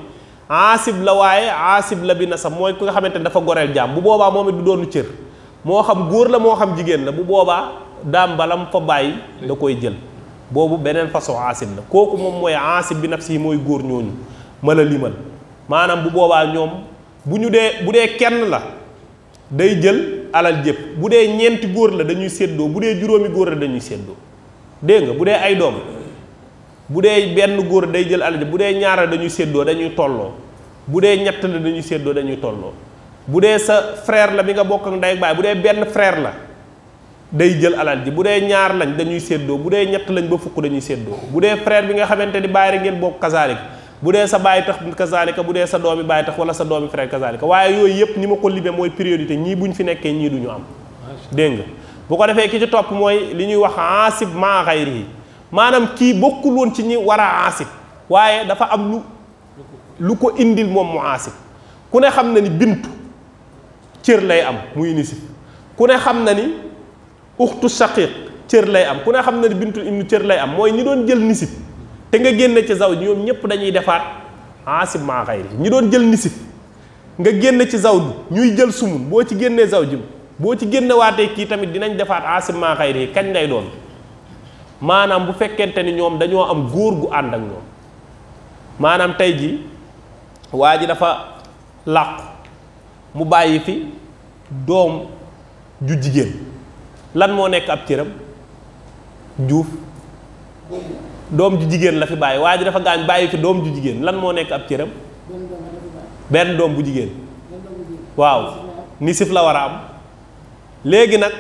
aasib la waaye aasib la bi nasab mooy ku nga xamante ni dafa goreel jaam bu boobaa moom it du doon cër moo xam góor la moo xam jigéen la bu boobaa daam bala mu fa bàyyi nga koy jël boobu beneen façon aasib la kooku moom mooy aasib bi nafsi mooy góor ñooñu mala limal maanaam bu boobaa ñoom bu ñu dee bu dee kenn la day jël alal jëpp bu dee ñeenti góor la dañuy seddoo bu dee juróomi góor la dañuy séddoo dégg nga bu dee ay doom bu dee benn góor day jël alal bu dee ñaar dañuy séddoo dañuy tolloo bu dee ñett la dañuy séddoo dañuy tolloo bu dee sa frère la bi nga bokk ak ndey ak bu dee benn frère la day jël alal ji bu dee ñaar lañ dañuy séddoo bu dee ñett lañ ba fukk dañuy séddoo bu dee frère bi nga xamante ni bàyyi rek ngeen bokk kasaalik bu dee sa bàyyi tax kazalika bu dee sa doomi bàyyi tax wala sa doomi frère kazalika waaye yooyu yëpp ni ma ko libe mooy priorité ñii buñ fi nekkee ñii duñu am dégg nga bu ko defee ki ci topp mooy li ñuy wax aasib maa xayri yi maanaam kii bokkul woon ci ñi war a aasib waaye dafa am lu lu ko indil moom mu aasib ku ne xam na ni bintu cër lay am muy inisif ku ne xam na ni uxtu shaqiq cër lay am ku ne xam na ni bintu ibnu cër lay am mooy ñi doon jël nisib te nga génn ci saw ji ñoom ñëpp dañuy defaat asib maa xayri ñi doon jël nisif nga génn ci saw ji ñuy jël sumun boo ci génnee saw ji boo ci génne waatee kii tamit dinañ defaat asib maa xayri kañ lay doon maanaam bu fekkente ni ñoom dañoo am góor gu ànd ak ñoom maanaam tey ji waa ji dafa làqu mu bàyyi fi doom ju jigéen lan moo nekk ab cëram juuf doom ju jigéen la fi bàyyi waa ji dafa gaañ bàyyi fi doom ju jigéen lan moo nekk ab cëram benn doom bu jigéen waaw ni sif la war a am léegi nag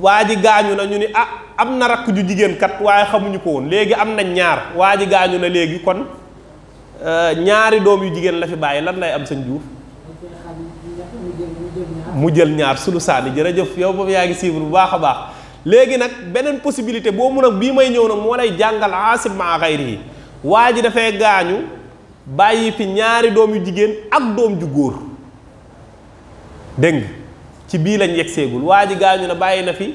waa ji gaañu na ñu ni ah am na rakk ju jigéen kat waaye xamuñu ko woon léegi am na ñaar waa ji gaañu na léegi kon euh, ñaari doom yu jigéen la fi bàyyi lan lay am sëñ Juuf mu jël ñaar sulu saani jërëjëf yow boobu yaa ngi suivre bu baax a baax léegi nag beneen possibilité boobu nag bii may ñëw nag moo lay jàngal asib ma yi waa ji dafay gaañu bàyyi fi ñaari doom yu jigéen ak doom ju góor dégg ci bii lañ yegg seegul waa ji gaañu na bàyyi na fi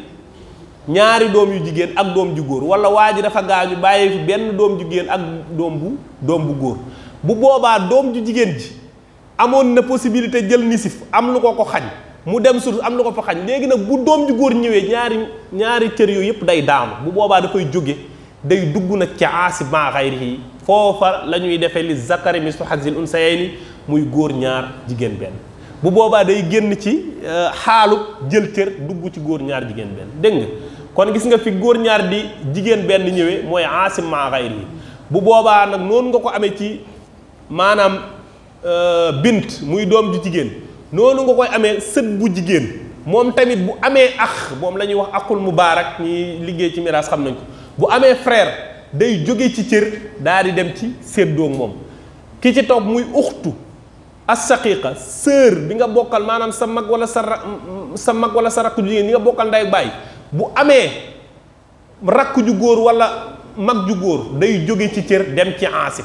ñaari doom yu jigéen ak doom ju góor wala waa ji dafa gaañu bàyyi fi benn doom ju jigéen ak doom bu doom bu góor bu boobaa doom ju jigéen ji amoon na possibilité jël ni nisif am lu ko ko xañ mu dem su am na ko fa xañ léegi nag bu doom ju góor ñëwee ñaari ñaari cër yooyu yëpp day daanu bu boobaa dafay jóge day dugg nag ci aasi maa yi foofa lañuy ñuy defee li zakari mislu hazil unsayayni muy góor ñaar jigéen benn bu boobaa day génn ci euh, xaalub jël cër dugg ci góor ñaar jigéen dégg nga kon gis nga fi góor ñaar di jigéen benn ñëwee mooy aasi maa xayrihi bu boobaa nag noonu nga ko amee ci maanaam euh, bind muy doom ju jigéen noonu nga koy amee sët bu jigéen moom tamit bu amee ak moom la ñuy wax akul mubaarak ñi liggéey ci miraas xam nañ ko bu amee frair day jóge ci cër daal di dem ci séddoo moom ki ci topp muy uxtu as-saqiqa sœur bi nga bokkal maanaam sa mag wala sa mag wala sa rakk ju jigéen bi nga bokkal nday bàyyi bu amee rakk ju góor wala mag ju góor day jóge ci cër dem ci ansi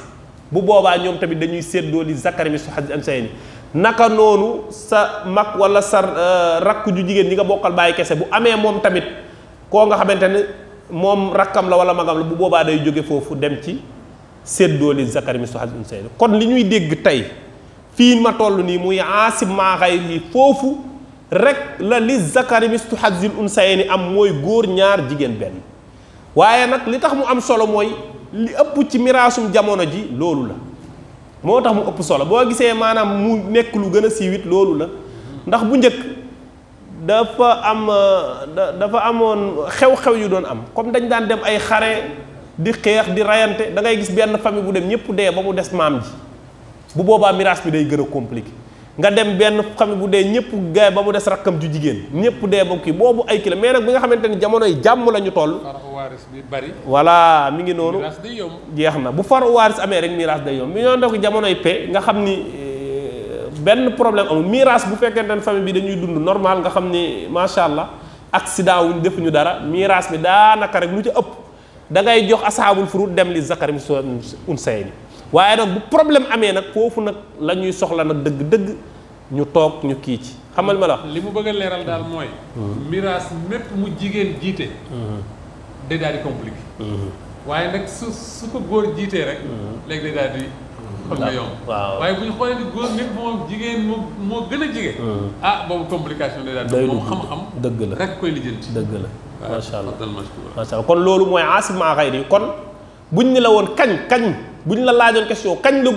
bu boobaa ñoom tamit dañuy séddoo li zakari mislu hazzi unsayayni naka nonu sa mak wala sa eh, rakku ju jigen ni nga bokal baye kesse bu amé mom tamit ko nga xamante mom rakam la wala magam la bu boba day joge foofu dem ci seddoo li zakari mi soxal sayyid kon li ñuy dégg tay fi ma tollu ni muy asim ma xay fofu foofu rek la li zakari mi stuhazil unsayni am moy góor ñaar jigen ben waye nak li tax mu am solo moy li ëpp ci mirasum jamono ji lolu la moo tax mu ëpp solo boo gisee maanaam mu nekk lu gën a siiwit loolu la ndax bu njëkk dafa am dafa amoon xew-xew yu doon am comme dañ daan dem ay xare di xeex di rayante da ngay gis benn famille bu dem ñëpp dee ba mu des maam ji bu boobaa miraas bi day gën a compliqué nga dem benn xam bu dee ñëpp gaay ba mu des rakkam ju jigéen ñëpp dee ba kii boobu ay kilo mais nag bi nga xamante ni jamono yi jàmm la ñu toll. faru waaris bi bari. voilà mi ngi noonu. miraas day yomb jeex na bu faru waaris amee rek miraas day yomb mi ñoo ko jamonoy paix nga xam ni euh, benn problème amul miraas bu fekkente ne famille bi dañuy dund normal nga xam ni macha allah accident wuñ ñu dara miraas bi daanaka rek lu ci ëpp da ngay jox asaabul furud dem li zakari un sayni waaye nag bu problème amee nag foofu nag la ñuy soxla nag dëgg-dëgg ñu toog ñu kii ci xamal ma la li mu bëgg a leeral daal mooy. miraas mépp mu jigéen jiite. day daal di compliqué. waaye nag su ko góor jiitee rek. léegi day daal waaw waaye bu ñu xoolee ni góor nit moom jigéen moo gën a jege. Mm-hmm. ah boobu complication day daal di moom xam-xam. dëgg la rek koy lijjanti. dëgg la macha allah macha allah kon loolu mooy asma xayri kon bu ni la woon kañ kañ. bu ñu la laajoon question kañ la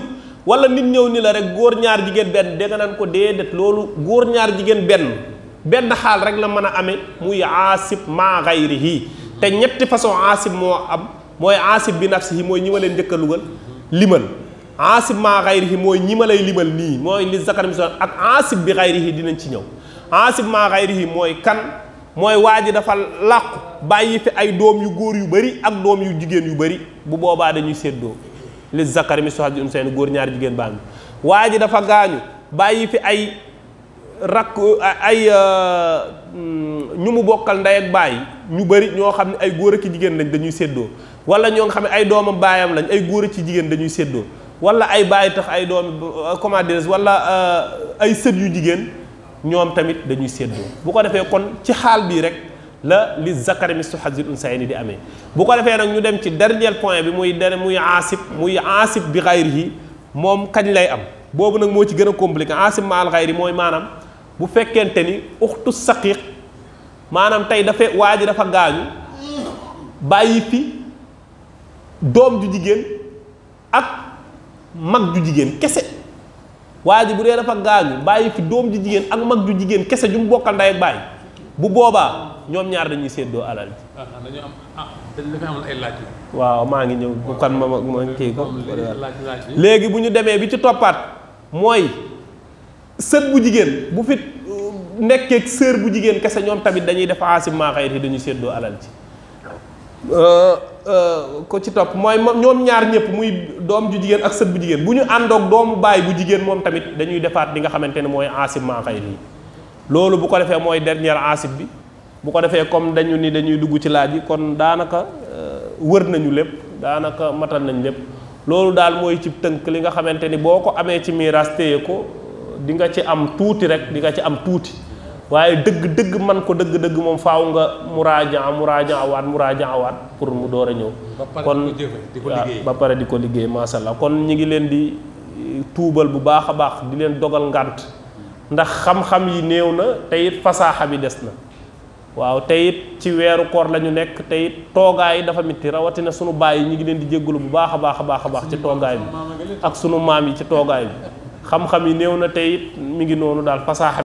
wala nit ñëw ni la rek góor ñaar jigéen benn dégg nañ ko ko def loolu góor ñaar jigéen benn benn xaal rek la mën a amee muy aasib maa gayrihi te ñetti façon aasib moo am mooy aasib bi nafsihi mooy ñi ma leen njëkk a lugal limal aasib maa gayrihi mooy ñi ma lay limal nii mooy li zakar mi ak aasib bi gayrihi dinañ ci ñëw aasib maa gayrihi mooy kan mooy waa ji dafa làqu bàyyi fi ay doom yu góor yu bari ak doom yu jigéen yu bari bu boobaa dañuy séddoo li zakari mislu hazzi unsayni góor ñaari jigéen baa ngi waa ji dafa gaañu bàyyi fi ay rakk ay euh, ñu mu bokkal ndey ak baay ñu bëri ñoo xam ne ay góor ak jigéen lañ dañuy séddoo wala ñoo xam ne ay doomam baayam lañ ay góor ak jigéen dañuy séddoo wala ay baay tax ay doom euh, comment dire wala euh, ay sët yu jigéen ñoom tamit dañuy séddoo bu ko defee kon ci xaal bii rek la li zakari mistu xas unsayni di amee bu ko defee nag ñu dem ci dernier point bi muy dene muy aasib muy aasib bi xayrihi moom kañ lay am boobu nag moo ci gën a compliqué aasib maal xayri mooy maanaam bu fekkente ni uxtu saqiq maanaam tey dafa waa ji dafa gaañu bàyyi fi doom ju jigéen ak mag ju jigéen kese waa ji bu dee dafa gaañu bàyyi fi doom ju jigéen ak mag ju jigéen kese ju mu bokkal ndey ak bàyyi bu boba ñom ñaar dañuy seddo alal ci ah, ah, ah, dañu am dafa am ay laaj. waaw ma ngi ñëw bu kan ma ma kii ko. legi buñu démé bi ci topat moy seut bu jigen bu fit euh, nekké ak sœur bu jigen kese ñom tamit dañuy def asim ma xeyti dañuy seddo alal ci euh euh ko ci top moy ñom ñaar ñepp muy dom ju jigen ak seut bu jigen buñu andok dom bay bu jigen mom tamit dañuy defaat li nga xamantene moy asim ma xeyti loolu bu ko defé moy dernier asib bi bu ko defé comme dañu ni dañuy dugg ci laaji kon daanaka euh, wër nañu lepp daanaka matal nañ lepp loolu dal moy ci teunk li nga xamanteni ni amé ko ci mirage téye ko di nga ci am touti rek di nga ci am touti waye deug deug man ko deug deug mom faaw nga muraja muraja awaat muraja awaat pour mu doora ñew kon ba pare di ko ma sha allah kon ñi ngi leen di euh, tuubal bu baax baax di leen dogal ngant ndax xam-xam yi néew na te fasaaxa bi des na waaw te it ci weeru koor la ñu nekk te it toogaay dafa mitti rawatina sunu baay yi ñu ngi leen di jéggalu bu baax a baax a baax a baax ci toogaay bi ak sunu maam yi ci toogaay bi xam-xam yi néew na te mu ngi noonu daal fasaaxa